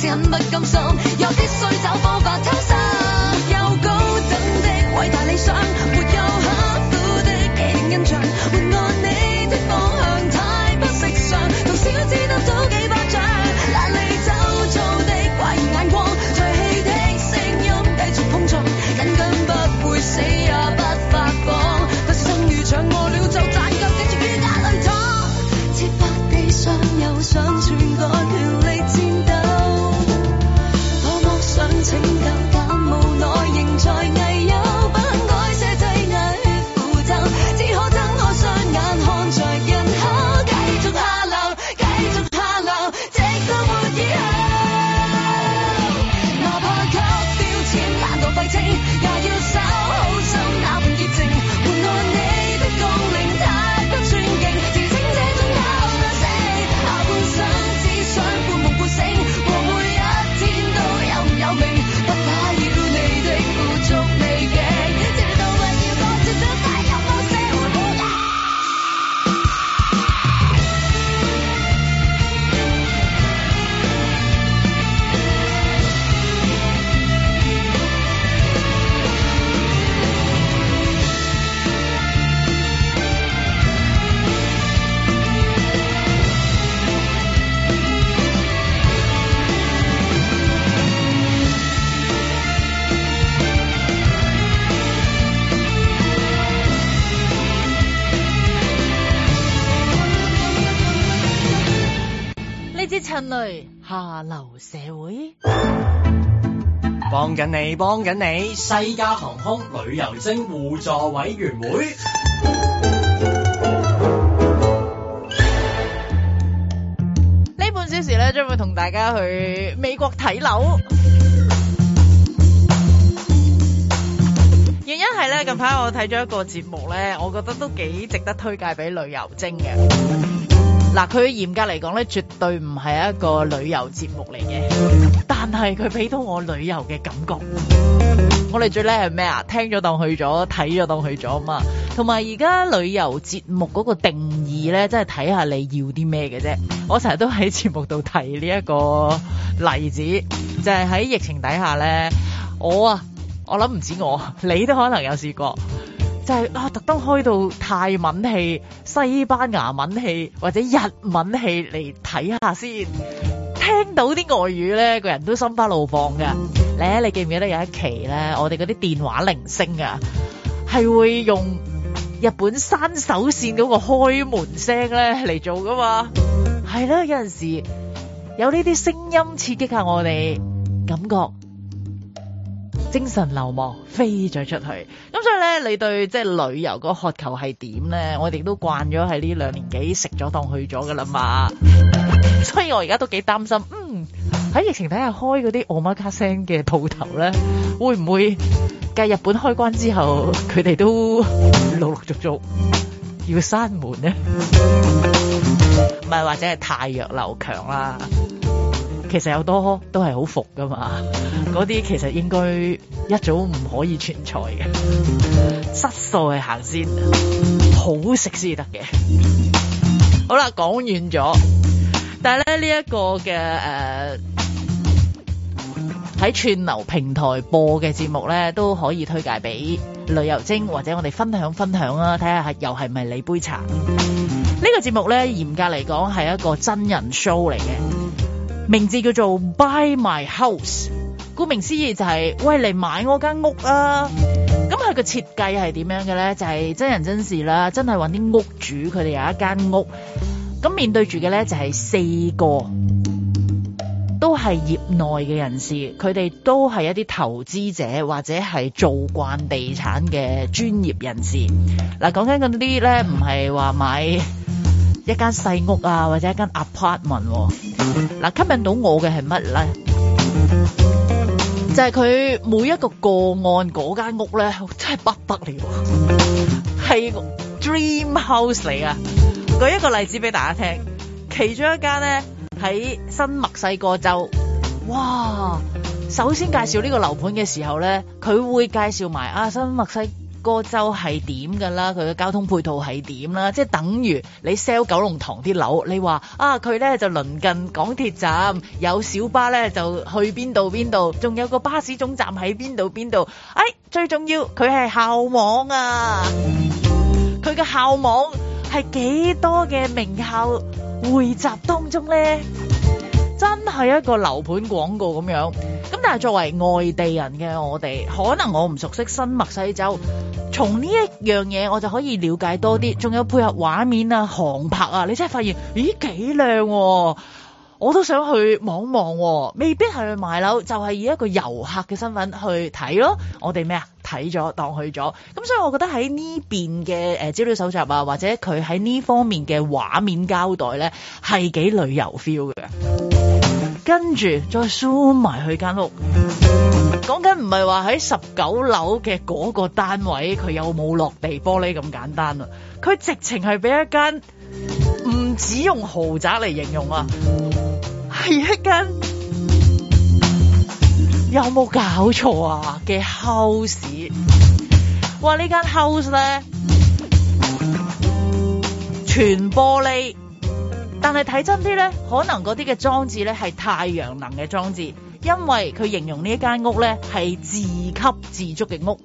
是很不甘心，又必須找方法偷生。幫緊你，西加航空旅遊精互助委員會。呢半小時咧，將會同大家去美國睇樓。原因係咧，嗯、近排我睇咗一個節目咧，我覺得都幾值得推介俾旅遊精嘅。嗱，佢嚴格嚟講咧，絕對唔係一個旅遊節目嚟嘅。但係佢俾到我旅遊嘅感覺，我哋最叻係咩啊？聽咗當去咗，睇咗當去咗啊嘛！同埋而家旅遊節目嗰個定義咧，真係睇下你要啲咩嘅啫。我成日都喺節目度提呢一個例子，就係喺疫情底下咧，我啊，我諗唔止我，你都可能有試過，就係啊，特登開到泰文戲、西班牙文戲或者日文戲嚟睇下先。聽到啲外語咧，個人都心花怒放噶。咧，你記唔記得有一期咧，我哋嗰啲電話鈴聲啊，係會用日本山手線嗰個開門聲咧嚟做噶嘛？係囉，有陣時有呢啲聲音刺激下我哋感覺。精神流亡飛咗出去，咁所以咧，你對即係旅遊個渴求係點咧？我哋都慣咗喺呢兩年幾食咗當去咗㗎喇嘛，所以我而家都幾擔心，嗯，喺疫情底下開嗰啲奧馬卡聲嘅鋪頭咧，會唔會繼日本開關之後，佢哋都陸陸續續要閂門咧？唔 係或者係太弱流強啦？其實有多都係好服噶嘛，嗰啲其實應該一早唔可以存在嘅，質素係行先走，好食先得嘅。好啦，講完咗，但係咧呢一、這個嘅誒喺串流平台播嘅節目咧，都可以推介俾旅遊精或者我哋分享分享啦、啊，睇下係又係咪你杯茶、這個、節呢個節目咧？嚴格嚟講係一個真人 show 嚟嘅。名字叫做 Buy My House，顧名思義就係、是、喂嚟買我間屋啊！咁佢個設計係點樣嘅咧？就係、是、真人真事啦，真係搵啲屋主，佢哋有一間屋。咁面對住嘅咧就係四個，都係業內嘅人士，佢哋都係一啲投資者或者係做慣地產嘅專業人士。嗱，講緊嗰啲咧唔係話買一間細屋啊，或者一間 apartment，嗱、啊啊、吸引到我嘅係乜咧？就係、是、佢每一個個案嗰間屋咧，真係不得了，係個 dream house 嚟啊。舉一個例子俾大家聽，其中一間咧喺新墨西哥州。哇！首先介紹呢個樓盤嘅時候咧，佢會介紹埋啊新墨西。歌州係點噶啦？佢嘅交通配套係點啦？即係等於你 sell 九龍塘啲樓，你話啊佢呢就鄰近港鐵站，有小巴呢就去邊度邊度，仲有個巴士總站喺邊度邊度。哎，最重要佢係校網啊！佢嘅校網係幾多嘅名校匯集當中呢？真係一個樓盤廣告咁樣，咁但係作為外地人嘅我哋，可能我唔熟悉新墨西哥州，從呢一樣嘢我就可以了解多啲，仲有配合畫面啊、航拍啊，你真係發現，咦，幾靚喎，我都想去望望喎，未必係去買樓，就係、是、以一個遊客嘅身份去睇咯。我哋咩啊睇咗當去咗，咁所以我覺得喺呢邊嘅誒、呃、資料搜集啊，或者佢喺呢方面嘅畫面交代咧，係幾旅遊 feel 嘅。跟住再 show 埋去間屋，講緊唔係話喺十九樓嘅嗰個單位佢有冇落地玻璃咁簡單啊，佢直情係俾一間唔止用豪宅嚟形容啊，係一間有冇搞錯啊嘅 house。哇間 house 呢間 house 咧全玻璃。但係睇真啲咧，可能嗰啲嘅裝置咧係太陽能嘅裝置，因為佢形容呢一間屋咧係自給自足嘅屋，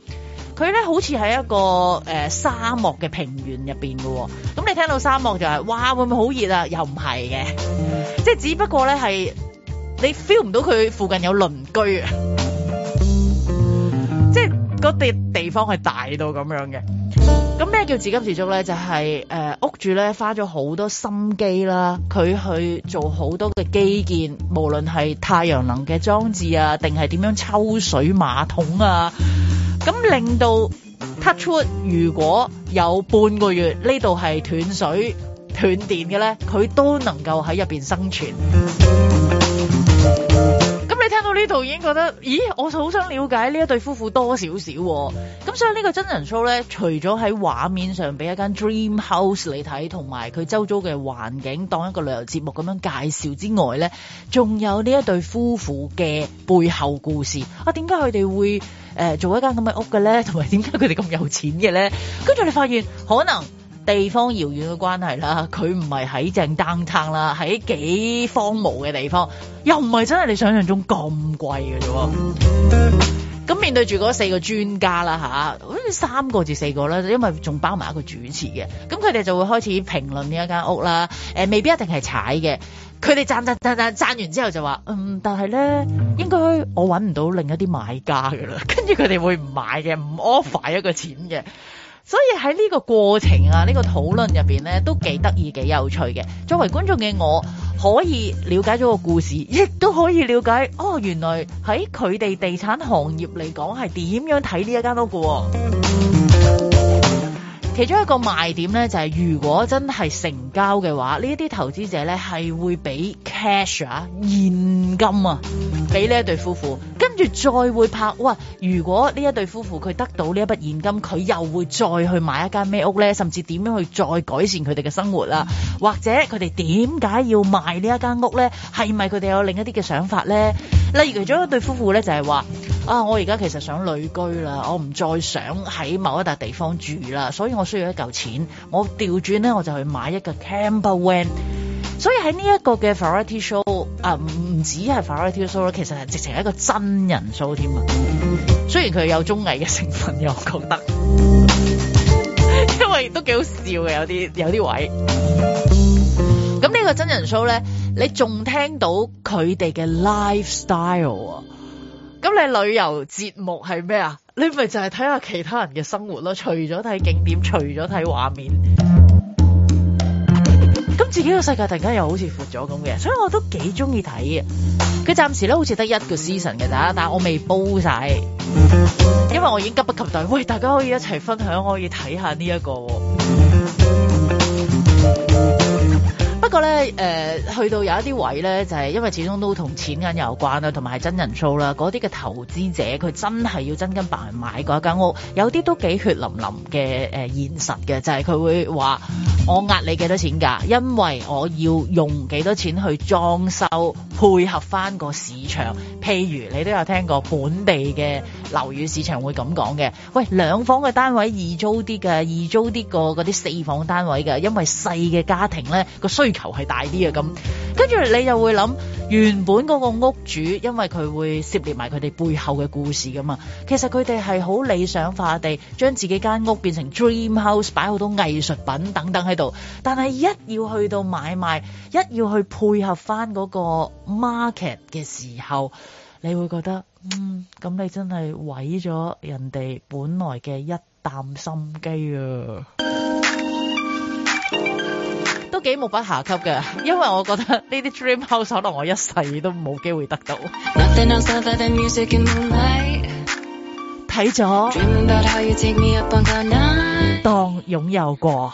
佢咧好似喺一個誒、呃、沙漠嘅平原入邊嘅，咁你聽到沙漠就係、是，哇會唔會好熱啊？又唔係嘅，即係只不過咧係你 feel 唔到佢附近有鄰居啊，即係嗰啲地方係大到咁樣嘅。咁咩叫自給自足咧？就係、是、誒、呃、屋主咧花咗好多心機啦，佢去做好多嘅基建，無論係太陽能嘅裝置啊，定係點樣抽水馬桶啊，咁令到 Touchwood，如果有半個月斷斷呢度係斷水斷電嘅咧，佢都能夠喺入邊生存。到呢度已經覺得，咦，我好想了解呢一對夫婦多少少。咁 所以呢個真人 show 咧，除咗喺畫面上俾一間 dream house 你睇，同埋佢周遭嘅環境當一個旅遊節目咁樣介紹之外咧，仲有呢一對夫婦嘅背後故事。啊，點解佢哋會誒、呃、做一間咁嘅屋嘅咧？同埋點解佢哋咁有錢嘅咧？跟住你發現可能。地方遙遠嘅關係啦，佢唔係喺正 downtown 啦，喺幾荒蕪嘅地方，又唔係真係你想象中咁貴嘅啫。咁 面對住嗰四個專家啦吓，好似三個至四個啦，因為仲包埋一個主持嘅，咁佢哋就會開始評論呢一間屋啦。誒、呃，未必一定係踩嘅，佢哋讚讚讚讚讚完之後就話，嗯，但係咧，應該我搵唔到另一啲買家噶啦，跟住佢哋會唔買嘅，唔 offer 一個錢嘅。所以喺呢個過程啊，呢個討論入面呢，都幾得意、幾有趣嘅。作為觀眾嘅我，可以了解咗個故事，亦都可以了解哦，原來喺佢哋地產行業嚟講係點樣睇呢一間屋嘅、哦。其中一個賣點咧，就係、是、如果真係成交嘅話，呢一啲投資者咧係會俾 cash 啊現金啊，俾呢一對夫婦，跟住再會拍。哇！如果呢一對夫婦佢得到呢一筆現金，佢又會再去買一間咩屋咧？甚至點樣去再改善佢哋嘅生活啦、啊？或者佢哋點解要賣呢一間屋咧？係咪佢哋有另一啲嘅想法咧？例如其中一對夫婦咧，就係、是、話啊，我而家其實想旅居啦，我唔再想喺某一笪地方住啦，所以我。我需要一嚿錢，我調轉咧我就去買一個 Camper Van。所以喺呢一個嘅 Variety Show 啊，唔止係 Variety Show 咯，其實係直情係一個真人 show 添啊。雖然佢有綜藝嘅成分，我覺得，因為都幾好笑嘅，有啲有啲位置。咁呢個真人 show 咧，你仲聽到佢哋嘅 lifestyle。啊。咁你旅遊節目係咩啊？你咪就係睇下其他人嘅生活咯，除咗睇景點，除咗睇畫面，咁 自己個世界突然間又好似闊咗咁嘅，所以我都幾中意睇，佢暫時咧好似得一個 season 嘅咋，但係我未煲晒，因為我已經急不及待，喂，大家可以一齊分享，可以睇下呢一個。這個咧，誒、呃，去到有一啲位咧，就係、是、因為始終都同錢銀有關啦，同埋係真人 show 啦。嗰啲嘅投資者，佢真係要真金白銀買嗰一間屋，有啲都幾血淋淋嘅。誒、呃，現實嘅就係、是、佢會話我壓你幾多錢㗎？因為我要用幾多錢去裝修配合翻個市場。譬如你都有聽過本地嘅樓宇市場會咁講嘅，喂，兩房嘅單位易租啲嘅，易租啲個嗰啲四房單位嘅，因為細嘅家庭咧個需求。頭係大啲啊，咁跟住你又會諗，原本嗰個屋主，因為佢會涉獵埋佢哋背後嘅故事噶嘛，其實佢哋係好理想化地將自己間屋變成 dream house，擺好多藝術品等等喺度，但係一要去到買賣，一要去配合翻嗰個 market 嘅時候，你會覺得，嗯，咁你真係毀咗人哋本來嘅一啖心機啊！都幾目不暇給嘅，因為我覺得呢啲 dream house 可能我一世都冇機會得到。睇咗，當擁有過。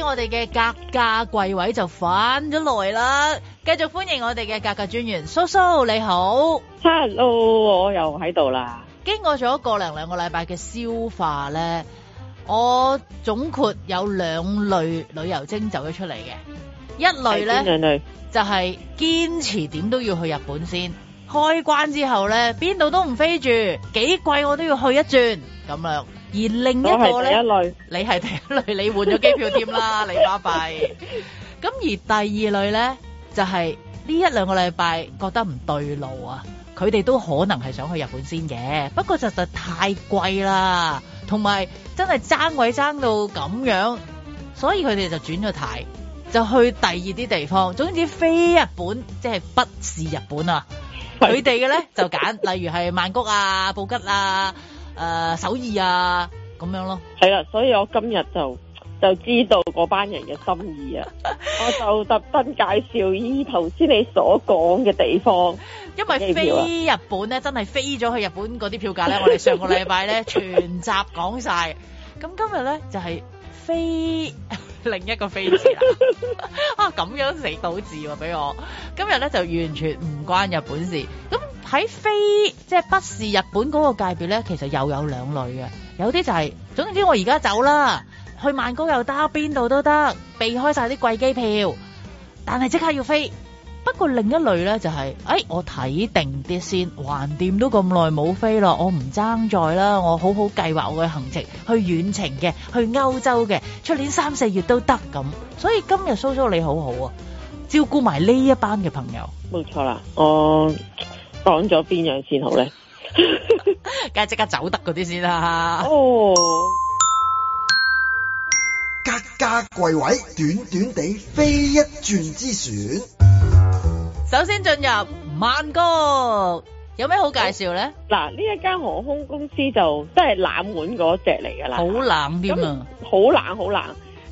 我哋嘅格價櫃位就返咗來啦，繼續歡迎我哋嘅格格專員，蘇蘇你好，Hello，我又喺度啦。經過咗個零兩個禮拜嘅消化咧，我總括有兩類旅遊精走咗出嚟嘅，一類咧就係堅持點都要去日本先。開關之後咧，邊度都唔飛住，幾貴我都要去一轉咁樣。而另一個咧，你係第一類，你換咗機票添啦，你巴閉。咁而第二類咧，就係、是、呢一兩個禮拜覺得唔對路啊，佢哋都可能係想去日本先嘅，不過就實在太貴啦，同埋真係爭位爭到咁樣，所以佢哋就轉咗軚，就去第二啲地方。總之非日本即係、就是、不是日本啊，佢哋嘅咧就揀，例如係曼谷啊、布吉啊。誒、呃，首爾啊，咁樣咯，係啦，所以我今日就就知道嗰班人嘅心意啊， 我就特登介紹依頭先你所講嘅地方，因為飛日本咧、啊，真係飛咗去日本嗰啲票價咧，我哋上個禮拜咧全集講晒，咁今日咧就係、是。飛另一個飛字啦啊，咁樣死倒字俾我，今日咧就完全唔關日本事。咁喺飛即係不是日本嗰個界別咧，其實又有兩類嘅，有啲就係、是，總之我而家走啦，去曼谷又得，邊度都得，避開晒啲貴機票，但係即刻要飛。不過另一類咧就係、是，誒、哎，我睇定啲先看看，橫掂都咁耐冇飛咯，我唔爭在啦，我好好計劃我嘅行程，去遠程嘅，去歐洲嘅，出年三四月都得咁，所以今日蘇蘇你好好啊，照顧埋呢一班嘅朋友。冇錯啦，我講咗邊樣好呢 先好咧，梗係即刻走得嗰啲先啦。哦，格格貴位，短短地飛一轉之選。首先進入曼谷有咩好介紹咧？嗱，呢一間航空公司就真係冷門嗰隻嚟噶啦，好冷咁，好冷好冷。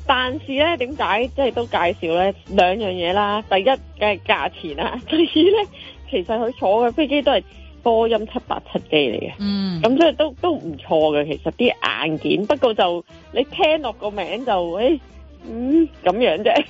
但是咧，點解即係都介紹咧兩樣嘢啦？第一梗係價錢啦，第二咧，其實佢坐嘅飛機都係波音七八七機嚟嘅，嗯，咁所以都都唔錯嘅。其實啲硬件，不過就你聽落個名就誒，嗯，咁樣啫。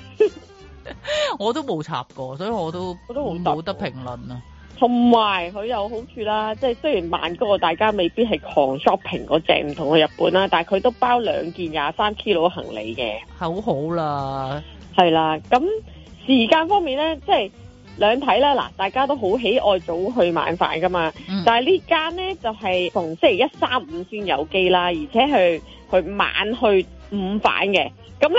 我都冇插過，所以我，我都冇得評論啊。同埋佢有好處啦，即係雖然曼谷，大家未必係狂 shopping 嗰隻，唔同去日本啦，但係佢都包兩件廿三 kilo 行李嘅，好好啦，係啦。咁時間方面呢，即係兩睇啦。嗱，大家都好喜愛早去晚返噶嘛，嗯、但係呢間呢，就係、是、逢星期一三五先有機啦，而且去去晚去午返嘅，咁呢。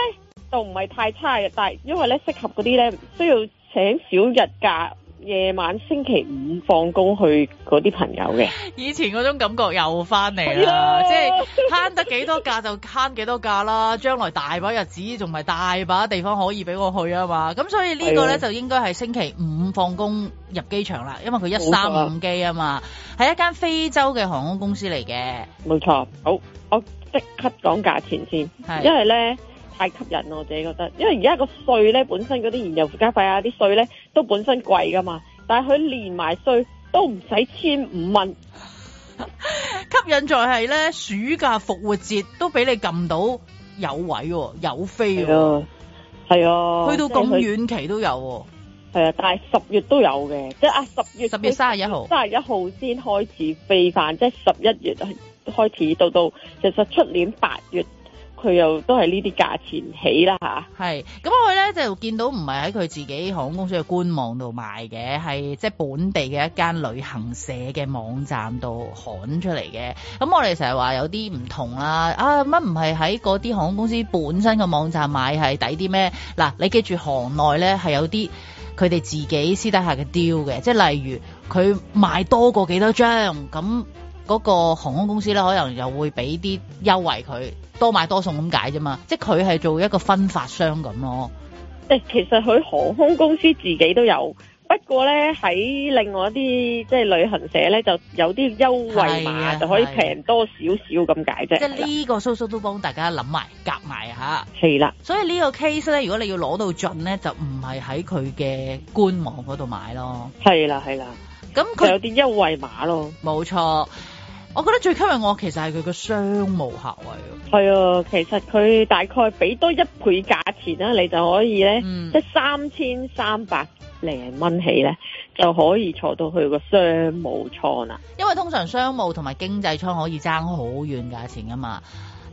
就唔係太差嘅，但係因為咧適合嗰啲咧需要請少日假、夜晚、星期五放工去嗰啲朋友嘅。 以前嗰種感覺又翻嚟啦， 即係慳得幾多假就慳幾多假啦。將來大把日子，仲咪大把地方可以俾我去啊嘛。咁所以呢個呢個咧就應該係星期五放工入機場啦，因為佢一三五機啊嘛。係、啊、一間非洲嘅航空公司嚟嘅。冇錯，好，我即刻講價錢先，因為咧。太吸引咯，我自己覺得，因為而家個稅咧本身嗰啲燃油附加費啊，啲稅咧都本身貴噶嘛，但係佢連埋稅都唔使千五蚊， 吸引在係咧暑假復活節都俾你撳到有位、哦、有飛、哦，係啊，啊，去到咁遠期都有、哦，係啊，但係十月都有嘅，即係啊十月十月三十一號三十一號先開始飛返，即係十一月開始到到其實出年八月。佢又都係呢啲價錢起啦吓，係咁我咧就見到唔係喺佢自己航空公司嘅官網度賣嘅，係即係本地嘅一間旅行社嘅網站度刊出嚟嘅。咁我哋成日話有啲唔同啦、啊，啊乜唔係喺嗰啲航空公司本身嘅網站買係抵啲咩？嗱、啊，你記住行內咧係有啲佢哋自己私底下嘅 deal 嘅，即係例如佢賣多過幾多張，咁嗰個航空公司咧可能又會俾啲優惠佢。多買多送咁解啫嘛，即係佢係做一個分發商咁咯。即係其實佢航空公司自己都有，不過咧喺另外一啲即係旅行社咧就有啲優惠碼，就可以平多少少咁解啫。即係呢個叔叔都幫大家諗埋夾埋吓。係啦，所以呢個 case 咧，如果你要攞到盡咧，就唔係喺佢嘅官網嗰度買咯。係啦係啦，咁佢有啲優惠碼咯。冇錯。我覺得最吸引我其實係佢個商務客位咯。係啊，其實佢大概俾多一倍價錢啦，你就可以呢，即三千三百零蚊起呢，就可以坐到去個商務艙啦。因為通常商務同埋經濟艙可以爭好遠價錢噶嘛。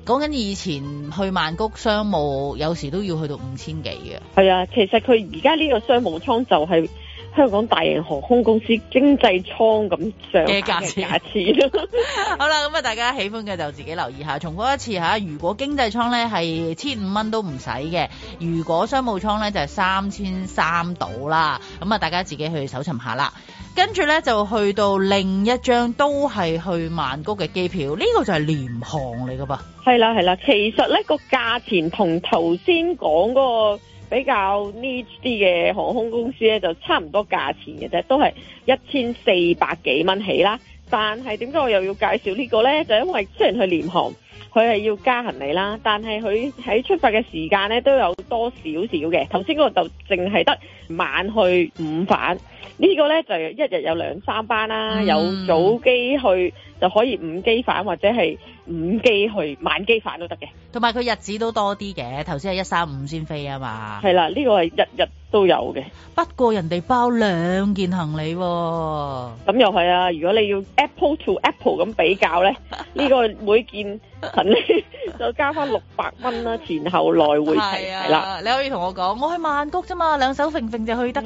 講緊以前去曼谷商務，有時都要去到五千幾嘅。係啊，其實佢而家呢個商務艙就係、是。香港大型航空公司經濟艙咁上嘅價錢，錢， 好啦，咁啊大家喜歡嘅就自己留意一下，重複一次嚇。如果經濟艙咧係千五蚊都唔使嘅，如果商務艙咧就係三千三到啦。咁啊大家自己去搜尋一下啦。跟住咧就去到另一張都係去曼谷嘅機票，呢個就係廉航嚟噶噃。係啦係啦，其實咧個價錢同頭先講嗰個。比較呢啲嘅航空公司咧，就差唔多價錢嘅啫，都係一千四百幾蚊起啦。但係點解我又要介紹呢個呢？就因為雖然去廉航，佢係要加行李啦，但係佢喺出發嘅時間呢，都有多少少嘅。頭先嗰個就淨係得晚去午返，呢、呢個呢，就一日有兩三班啦，嗯、有早機去。就可以午機返或者係午機去晚機返都得嘅，同埋佢日子都多啲嘅。頭先係一三五先飛啊嘛，係啦，呢個係日日都有嘅。不過人哋包兩件行李喎，咁又係啊！如果你要 Apple to Apple 咁比較咧，呢個每件行李就加翻六百蚊啦，前後來回係啦。你可以同我講，我去曼谷啫嘛，兩手揈揈就去得㗎啦，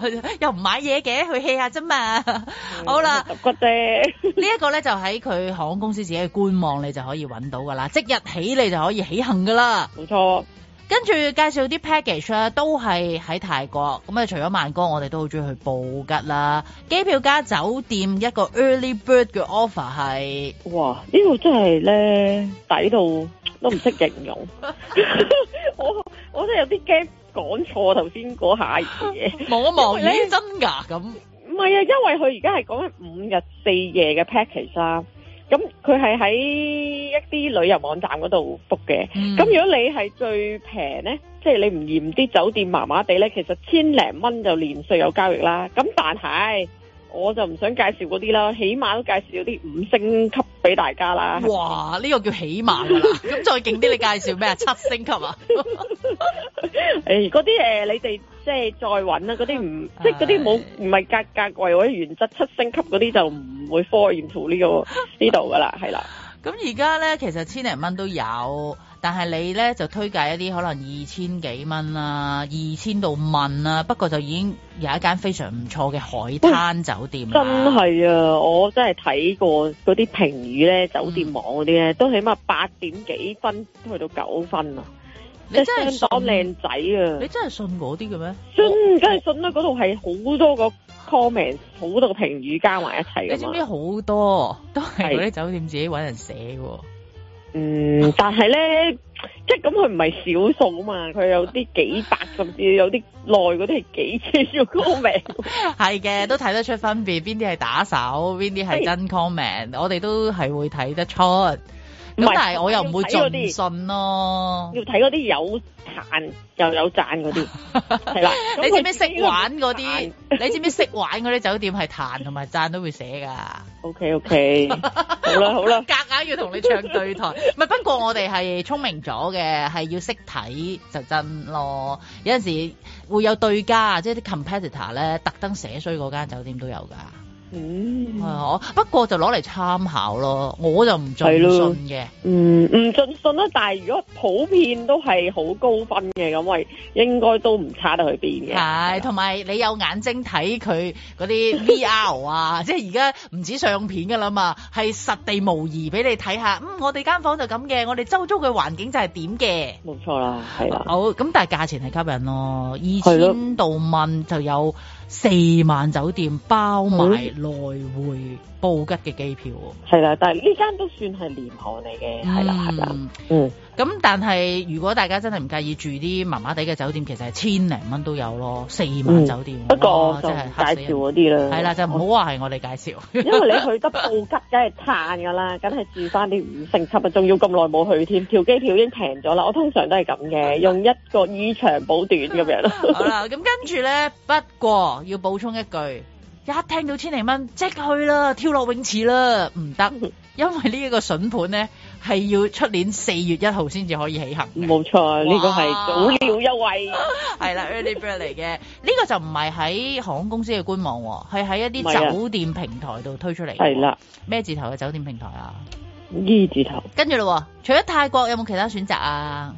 咪係囉，又唔買嘢嘅，去 hea 下啫嘛。好啦，揼骨啫？一個咧就喺佢航空公司自己嘅官網，你就可以揾到噶啦。即日起你就可以起行噶啦，冇錯。跟住介紹啲 package 都係喺泰國。咁、嗯、啊，除咗曼谷，我哋都好中意去布吉啦。機票加酒店一個 early bird 嘅 offer 係，哇！這個、呢度真係咧抵到都唔識形容。 我我真係有啲驚講錯頭先嗰下嘢。望一望，咦、欸，真噶咁。唔係啊，因為佢而家係講緊五日四夜嘅 package 啦、啊，咁佢係喺一啲旅遊網站嗰度 book 嘅，咁、嗯、如果你係最平呢，即、就、係、是、你唔嫌啲酒店麻麻地呢，其實千零蚊就連稅有交易啦。咁但係，我就唔想介紹嗰啲啦，起碼都介紹啲五星級俾大家啦。哇，呢、這個叫起碼噶啦，咁 再勁啲，你介紹咩 七星級啊？嗰啲誒，你哋。即係再揾啦，嗰啲唔，即係嗰啲冇，唔係格格貴原則七星級嗰啲就唔會 fall into 呢個呢度噶啦，係啦。咁而家咧，其實千零蚊都有，但係你咧就推介一啲可能二千幾蚊啦，二千到蚊啦，啊，不過就已經有一間非常唔錯嘅海灘酒店，哎。真係啊，我真係睇過嗰啲評語咧，酒店網嗰啲咧都起碼八點幾分去到九分啊。你真係信咁多靚仔啊！你真係信嗰啲嘅咩？信真係信啦！嗰度係好多個 comment，好多個評語加埋一齊。你知唔知好多都係啲酒店自己揾人寫嘅？嗯，但係咧， 即係咁，佢唔係少數啊嘛。佢有啲幾百，甚至有啲耐嗰啲係幾千條 comment。係 嘅，都睇得出分別，邊啲係打手，邊啲係真 comment。我哋都係會睇得出。但係，我又唔會盡信咯，要睇嗰啲有彈又有，有讚嗰啲， 係啦。你知唔知識玩嗰啲？你知唔知識玩嗰啲酒店係彈同埋讚都會寫㗎？OK OK，好啦好啦，夾 硬要同你唱對台。唔不，不過我哋係聰明咗嘅，係要識睇就真咯。有陣時會有對家，即係啲 competitor 咧，特登寫衰嗰間酒店都有㗎。嗯，係，不過就攞嚟參考咯，我就唔盡信嘅。嗯，唔盡信啦，但係如果普遍都係好高分嘅，咁我應該都唔差得去邊嘅。係，同埋你有眼睛睇佢嗰啲 VR 啊， 即係而家唔止相片噶啦嘛，係實地模擬俾你睇下。嗯，我哋間房就咁嘅，我哋周遭嘅環境就係點嘅。冇錯啦，係啦，好，咁、哦、但係價錢係吸引咯，二千度問，就有。四晚酒店包埋來回。嗯布吉嘅機票喎，係啦，但係呢間都算係廉航嚟嘅，係啦，係啦，嗯，嗯，咁但係如果大家真係唔介意住啲麻麻地嘅酒店，其實係千零蚊都有咯，四晚酒店，嗯。哦、不過不介紹些了了就介紹嗰啲啦，係啦，就唔好話係我哋介紹，因為你去得布吉，梗係嘆㗎啦，梗係住翻啲五星級啊，仲要咁耐冇去添，條機票已經平咗啦。我通常都係咁嘅，用一個以長補短咁樣啦。好啦，咁跟住咧，不過要補充一句。一聽到千零蚊，即去啦，跳落泳池啦，唔得，因為筍盤呢一個笋盤咧係要出年四月一號先至可以起行！冇錯、啊，呢個係早鳥優惠，係啦 ，early bird 嚟嘅。呢 個就唔係喺航空公司嘅官網，係喺一啲酒店平台度推出嚟。係啦、啊，咩字頭嘅酒店平台啊？呢字頭。跟住咯，除咗泰國有冇其他選擇啊？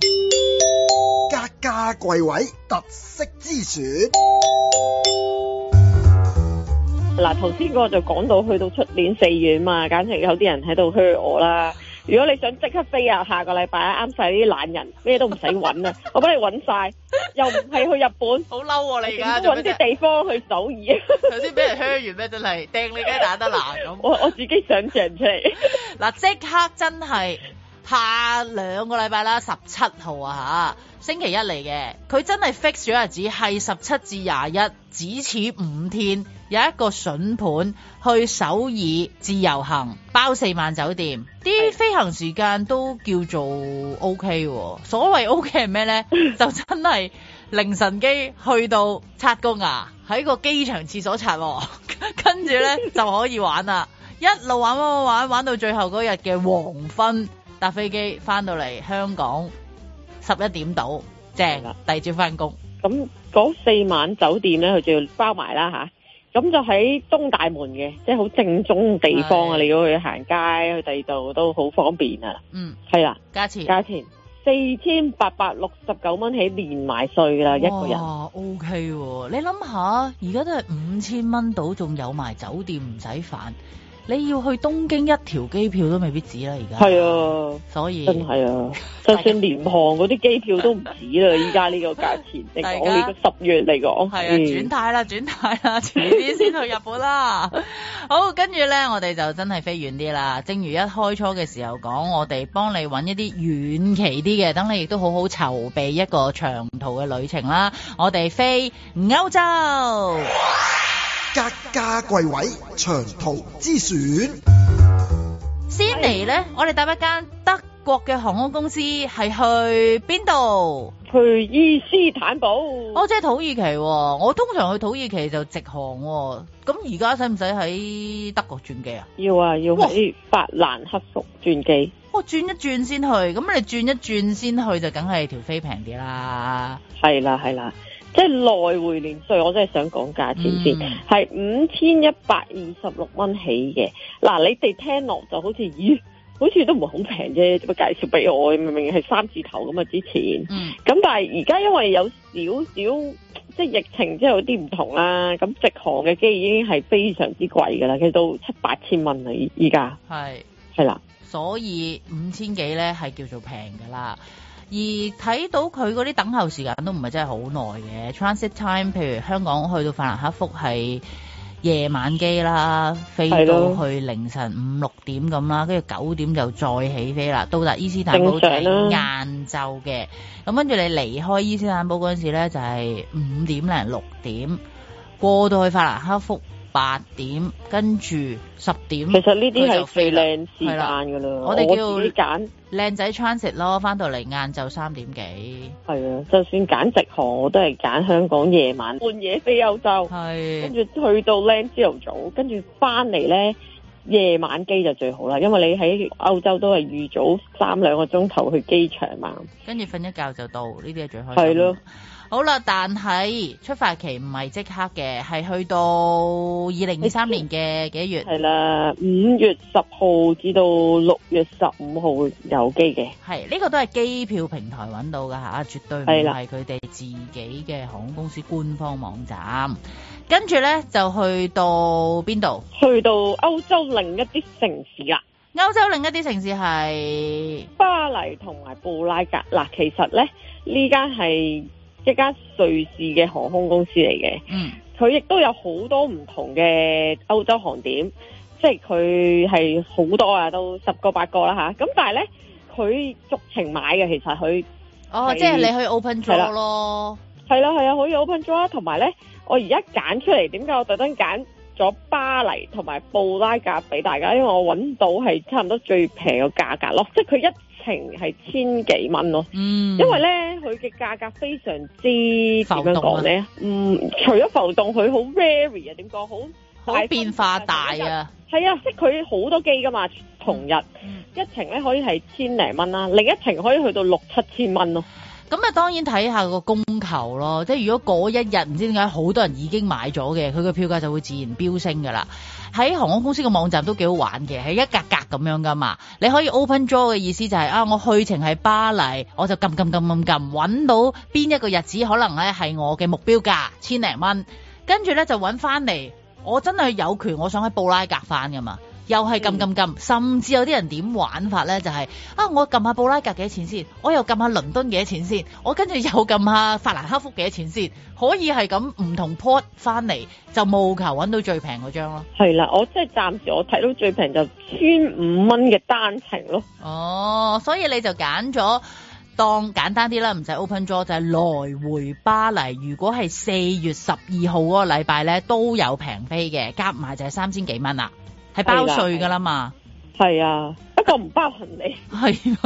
格價貴位，特色之選。嗱，頭先嗰個就講到去到出年四月嘛，簡直有啲人喺度噓我啦。如果你想即刻飛啊，下個禮拜啱晒啲懶人，咩都唔使揾啦， 我幫你揾晒。又唔係去日本，好嬲、啊、你而家揾啲地方去首爾。頭先俾人噓完咩？真係掟你雞打得爛咁。我我自己想象出嚟。嗱，即刻真係。下兩個禮拜啦，十七號啊，星期一嚟嘅。佢真係 fix 咗日子，係十七至廿一，只此五天。有一個筍盤去首爾自由行，包四晚酒店，啲飛行時間都叫做 O K 喎。所謂 O K 係咩咧？ 就真係凌晨機去到刷個牙、啊、喺個機場廁所刷， 跟住咧就可以玩啦。一路玩一玩玩玩玩到最後嗰日嘅黃昏。 搭飛機翻到嚟，香港十一點到，正啦，第二朝翻工。咁嗰四晚酒店咧，佢仲要包埋啦吓。咁、啊、就喺東大門嘅，即係好正宗地方啊！你要去行街去第二度都好方便啊。嗯，係啦，價錢，價錢四千八百六十九蚊起，連埋稅啦，一個人。哇，OK，你諗下，而家都係五千蚊到，仲有埋酒店唔使煩。你要去東京一條機票都未必止啦，而家係啊，所以係啊， 就算廉航嗰啲機票都唔止啦，依家呢個價錢， 你大家十、這個、月嚟講係啊，轉態啦，轉態啦，遲啲先去日本啦。 好，跟住咧，我哋就真係飛遠啲啦。正如一開初嘅時候講，我哋幫你揾一啲遠期啲嘅，等你亦都好好籌備一個長途嘅旅程啦。我哋飛歐洲。 格價貴位長途之選，先嚟咧，我哋搭一間德國嘅航空公司係去邊度？去伊斯坦堡。哦，即係土耳其喎。我通常去土耳其就直航喎。咁而家使唔使喺德國轉機啊？要啊，要喺法蘭克福轉機。哇，哦，轉一轉先去，咁你轉一轉先去就梗係條飛平啲啦。係啦，係啦。即係來回連稅，我真係想講價錢先，係五千一百二十六蚊起嘅。嗱、啊，你哋聽落就好似，咦、呃，好似都唔係好平啫。點解介紹俾我？明明係三字頭咁啊，啲、嗯、錢。咁但係而家因為有少少即係疫情之後有啲唔同啦。咁直航嘅機已經係非常之貴噶啦，其實都七八千蚊啦，依家。係係啦，所以五千幾呢係叫做平噶啦。而睇到佢嗰啲等候時間都唔係真係好耐嘅，transit time，譬如香港去到法蘭克福係夜晚機啦，飛到去凌晨五六點咁啦，跟住九點就再起飛啦，到達伊斯坦堡就係晏晝嘅，咁跟住你離開伊斯坦堡嗰陣時咧就係五點零六點過到去法蘭克福。八點跟住十點，其實呢啲係最靚時間噶啦。我哋叫我自己揀靚仔餐食咯，翻到嚟晏晝三點幾。係啊，就算揀直航我都係揀香港夜晚半夜飛歐洲，係。跟住去到靚朝頭早，跟住翻嚟咧夜晚機就最好啦，因為你喺歐洲都係預早三兩個鐘頭去機場嘛，跟住瞓一覺就到，呢啲係最開心。好啦，但係出發期唔係即刻嘅，係去到二零二三年嘅幾月？係啦，五月十號至到六月十五號有機嘅。係呢，呢個都係機票平台揾到噶吓，啊，絕對唔係佢哋自己嘅航空公司官方網站。跟住呢，就去到邊度？去到歐洲另一啲城市啦。歐洲另一啲城市係巴黎同埋布拉格。嗱，其實呢，呢間係。一家瑞士嘅航空公司嚟嘅，佢亦都有好多唔同嘅歐洲航點，即係佢係好多啊，都十個八個啦吓，咁但係咧，佢逐程買嘅其實佢哦，去即係你可以 open 咗 o u 咯，係啦係啊，可以 open 咗 o 同埋咧，我而家揀出嚟，點解我特登揀咗巴黎同埋布拉格俾大家？因為我揾到係差唔多最平嘅價格咯，即係佢一。程係千幾蚊咯，因為咧佢嘅價格非常之點樣講咧，嗯，除咗浮動，佢好 vary 啊，點講好，好變化大啊，係啊，即係佢好多機噶嘛，同日、嗯、一程咧可以係千零蚊啦，另一程可以去到六七千蚊咯，咁啊當然睇下個供求咯，即係如果嗰一日唔知點解好多人已經買咗嘅，佢個票價就會自然飆升噶啦。喺航空公司嘅網站都幾好玩嘅，係一格格咁樣噶嘛，你可以 open draw 嘅意思就係、是、啊，我去程係巴黎，我就撳撳撳撳撳，揾到邊一個日子可能咧係我嘅目標價千零蚊，跟住咧就揾翻嚟，我真係有權我想喺布拉格翻噶嘛。又係撳撳撳，甚至有啲人點玩法咧？就係啊，我撳下布拉格幾多錢先？我又撳下倫敦幾多錢先？我跟住又撳下法蘭克福幾多錢先？可以係咁唔同 port 翻嚟就務求揾到最平嗰張咯。係啦，我即係暫時我睇到最平就千五蚊嘅單程咯。哦，所以你就揀咗當簡單啲啦，唔使 open draw 就係來回巴黎。如果係四月十二號嗰個禮拜咧，都有平飛嘅，夾埋就係三千幾蚊啦。係包稅噶啦嘛，係啊，不過唔包行李，係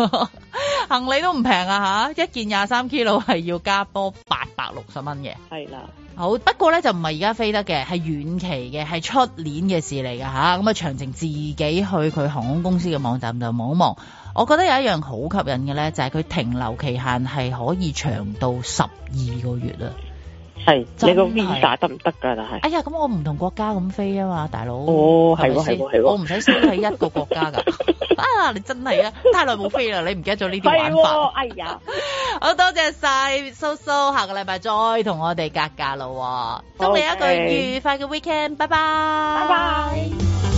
行李都唔平啊嚇，一件廿三 kilo 係要加多八百六十蚊嘅，係啦，好不過咧就唔係而家飛得嘅，係遠期嘅，係出年嘅事嚟噶嚇，咁啊詳情自己去佢航空公司嘅網站就望一望，我覺得有一樣好吸引嘅咧就係、是、佢停留期限係可以長到十二個月啊。係，你個 visa 得唔得噶？但係，哎呀，咁我唔同國家咁飛啊嘛，大佬。哦，係喎，係喎，係喎，我唔使飛喺一個國家噶。 啊，你真係啊，太耐冇飛啦，你唔記得咗呢啲玩法。哎呀， 好多謝晒 So So，下個禮拜再同我哋格價啦。Okay. 祝你一個愉快嘅 weekend，拜拜。拜拜。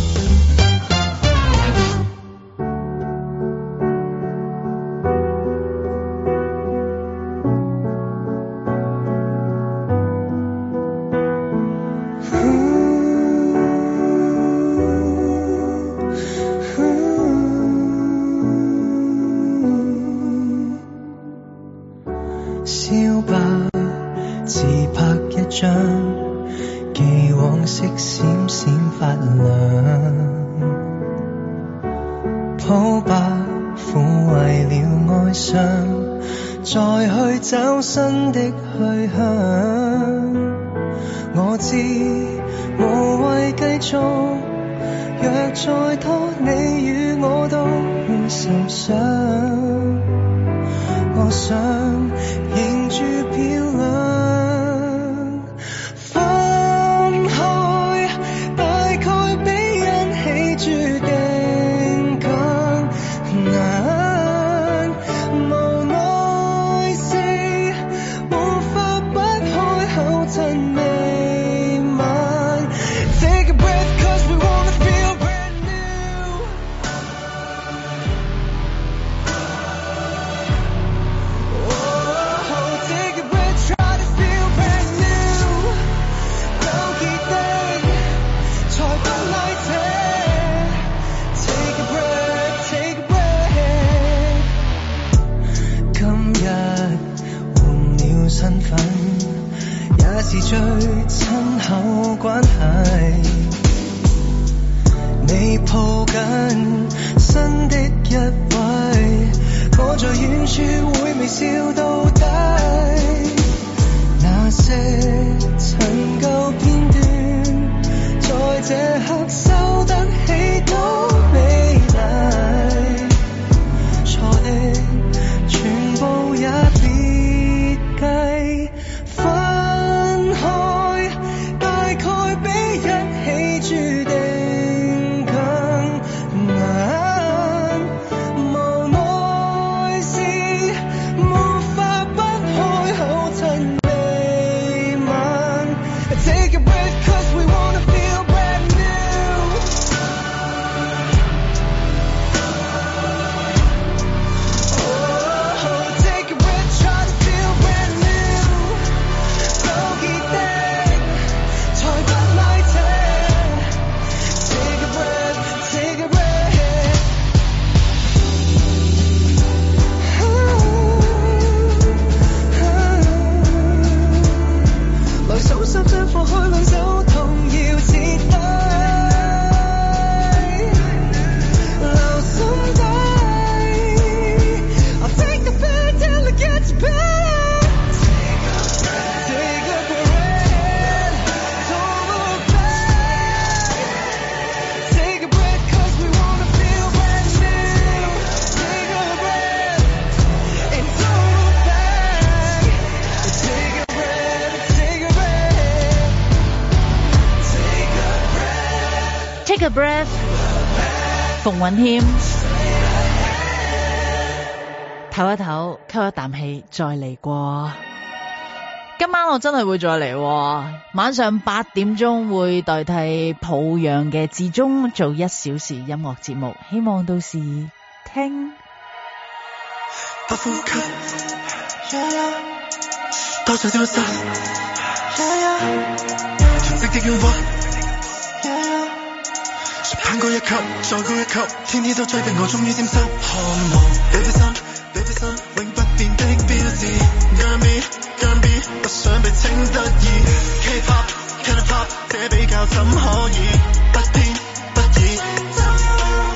唞一唞，吸一啖氣，再嚟過。今晚我真係會再嚟，喎，晚上八點鐘會代替抱養嘅志忠做一小時音樂節目，希望到時聽。攀高一級，再高一級，天天都追逼我，終於沾濕汗毛。Baby sun，Baby sun, 永不變的標誌。Jam B，Jam B，不想被稱得意。K Pop，K Pop，這比較怎可以不偏不倚？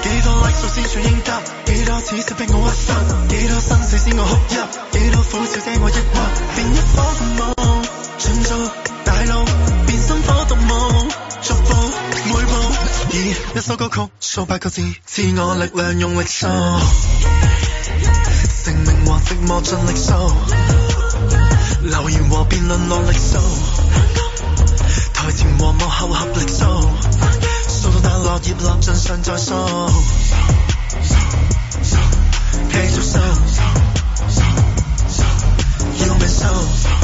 幾多 likes 先算應得？幾多恥笑逼我屈身？幾多生死先我哭泣？幾多苦笑遮我抑鬱？變一伙共我戰鬥。一首歌曲，數百個字，自我力量，用力數。成、yeah, 名、yeah, 和寂寞盡力數。留、yeah, yeah, 言和辯論落力數。台前和幕後合力數。數、yeah, yeah, 到大葉落葉落盡，尚在數。數數數要 e e u m a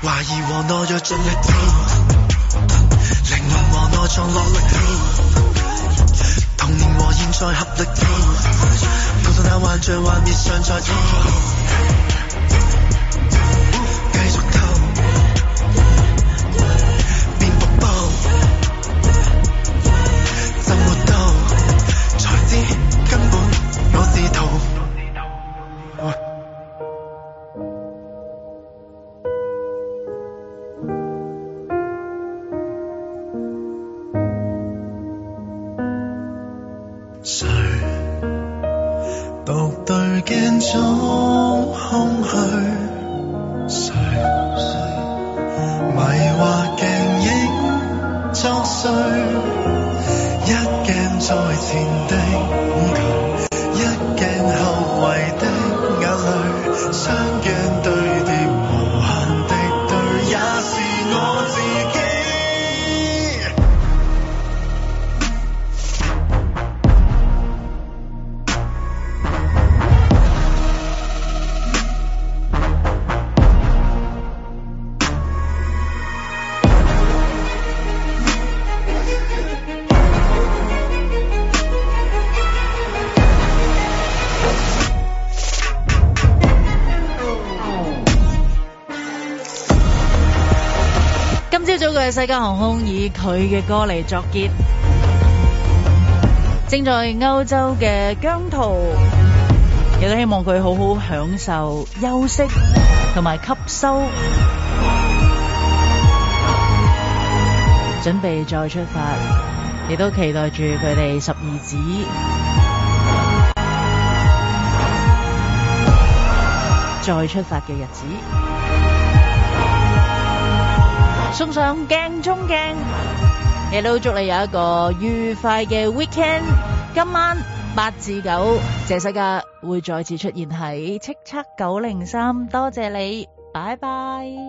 懷疑和懦弱盡力逃，靈魂和內臟落力逃，童年和現在合力逃，故作那幻象幻滅上才逃。世界航空以佢嘅歌嚟作結，正在歐洲嘅姜濤，亦都希望佢好好享受休息同埋吸收，準備再出發，亦都期待住佢哋十二指再出發嘅日子。送上鏡中鏡，亦都祝你有一個愉快嘅 weekend。今晚八至九，謝世嘉會再次出現喺叱吒九零三，多謝你，拜拜。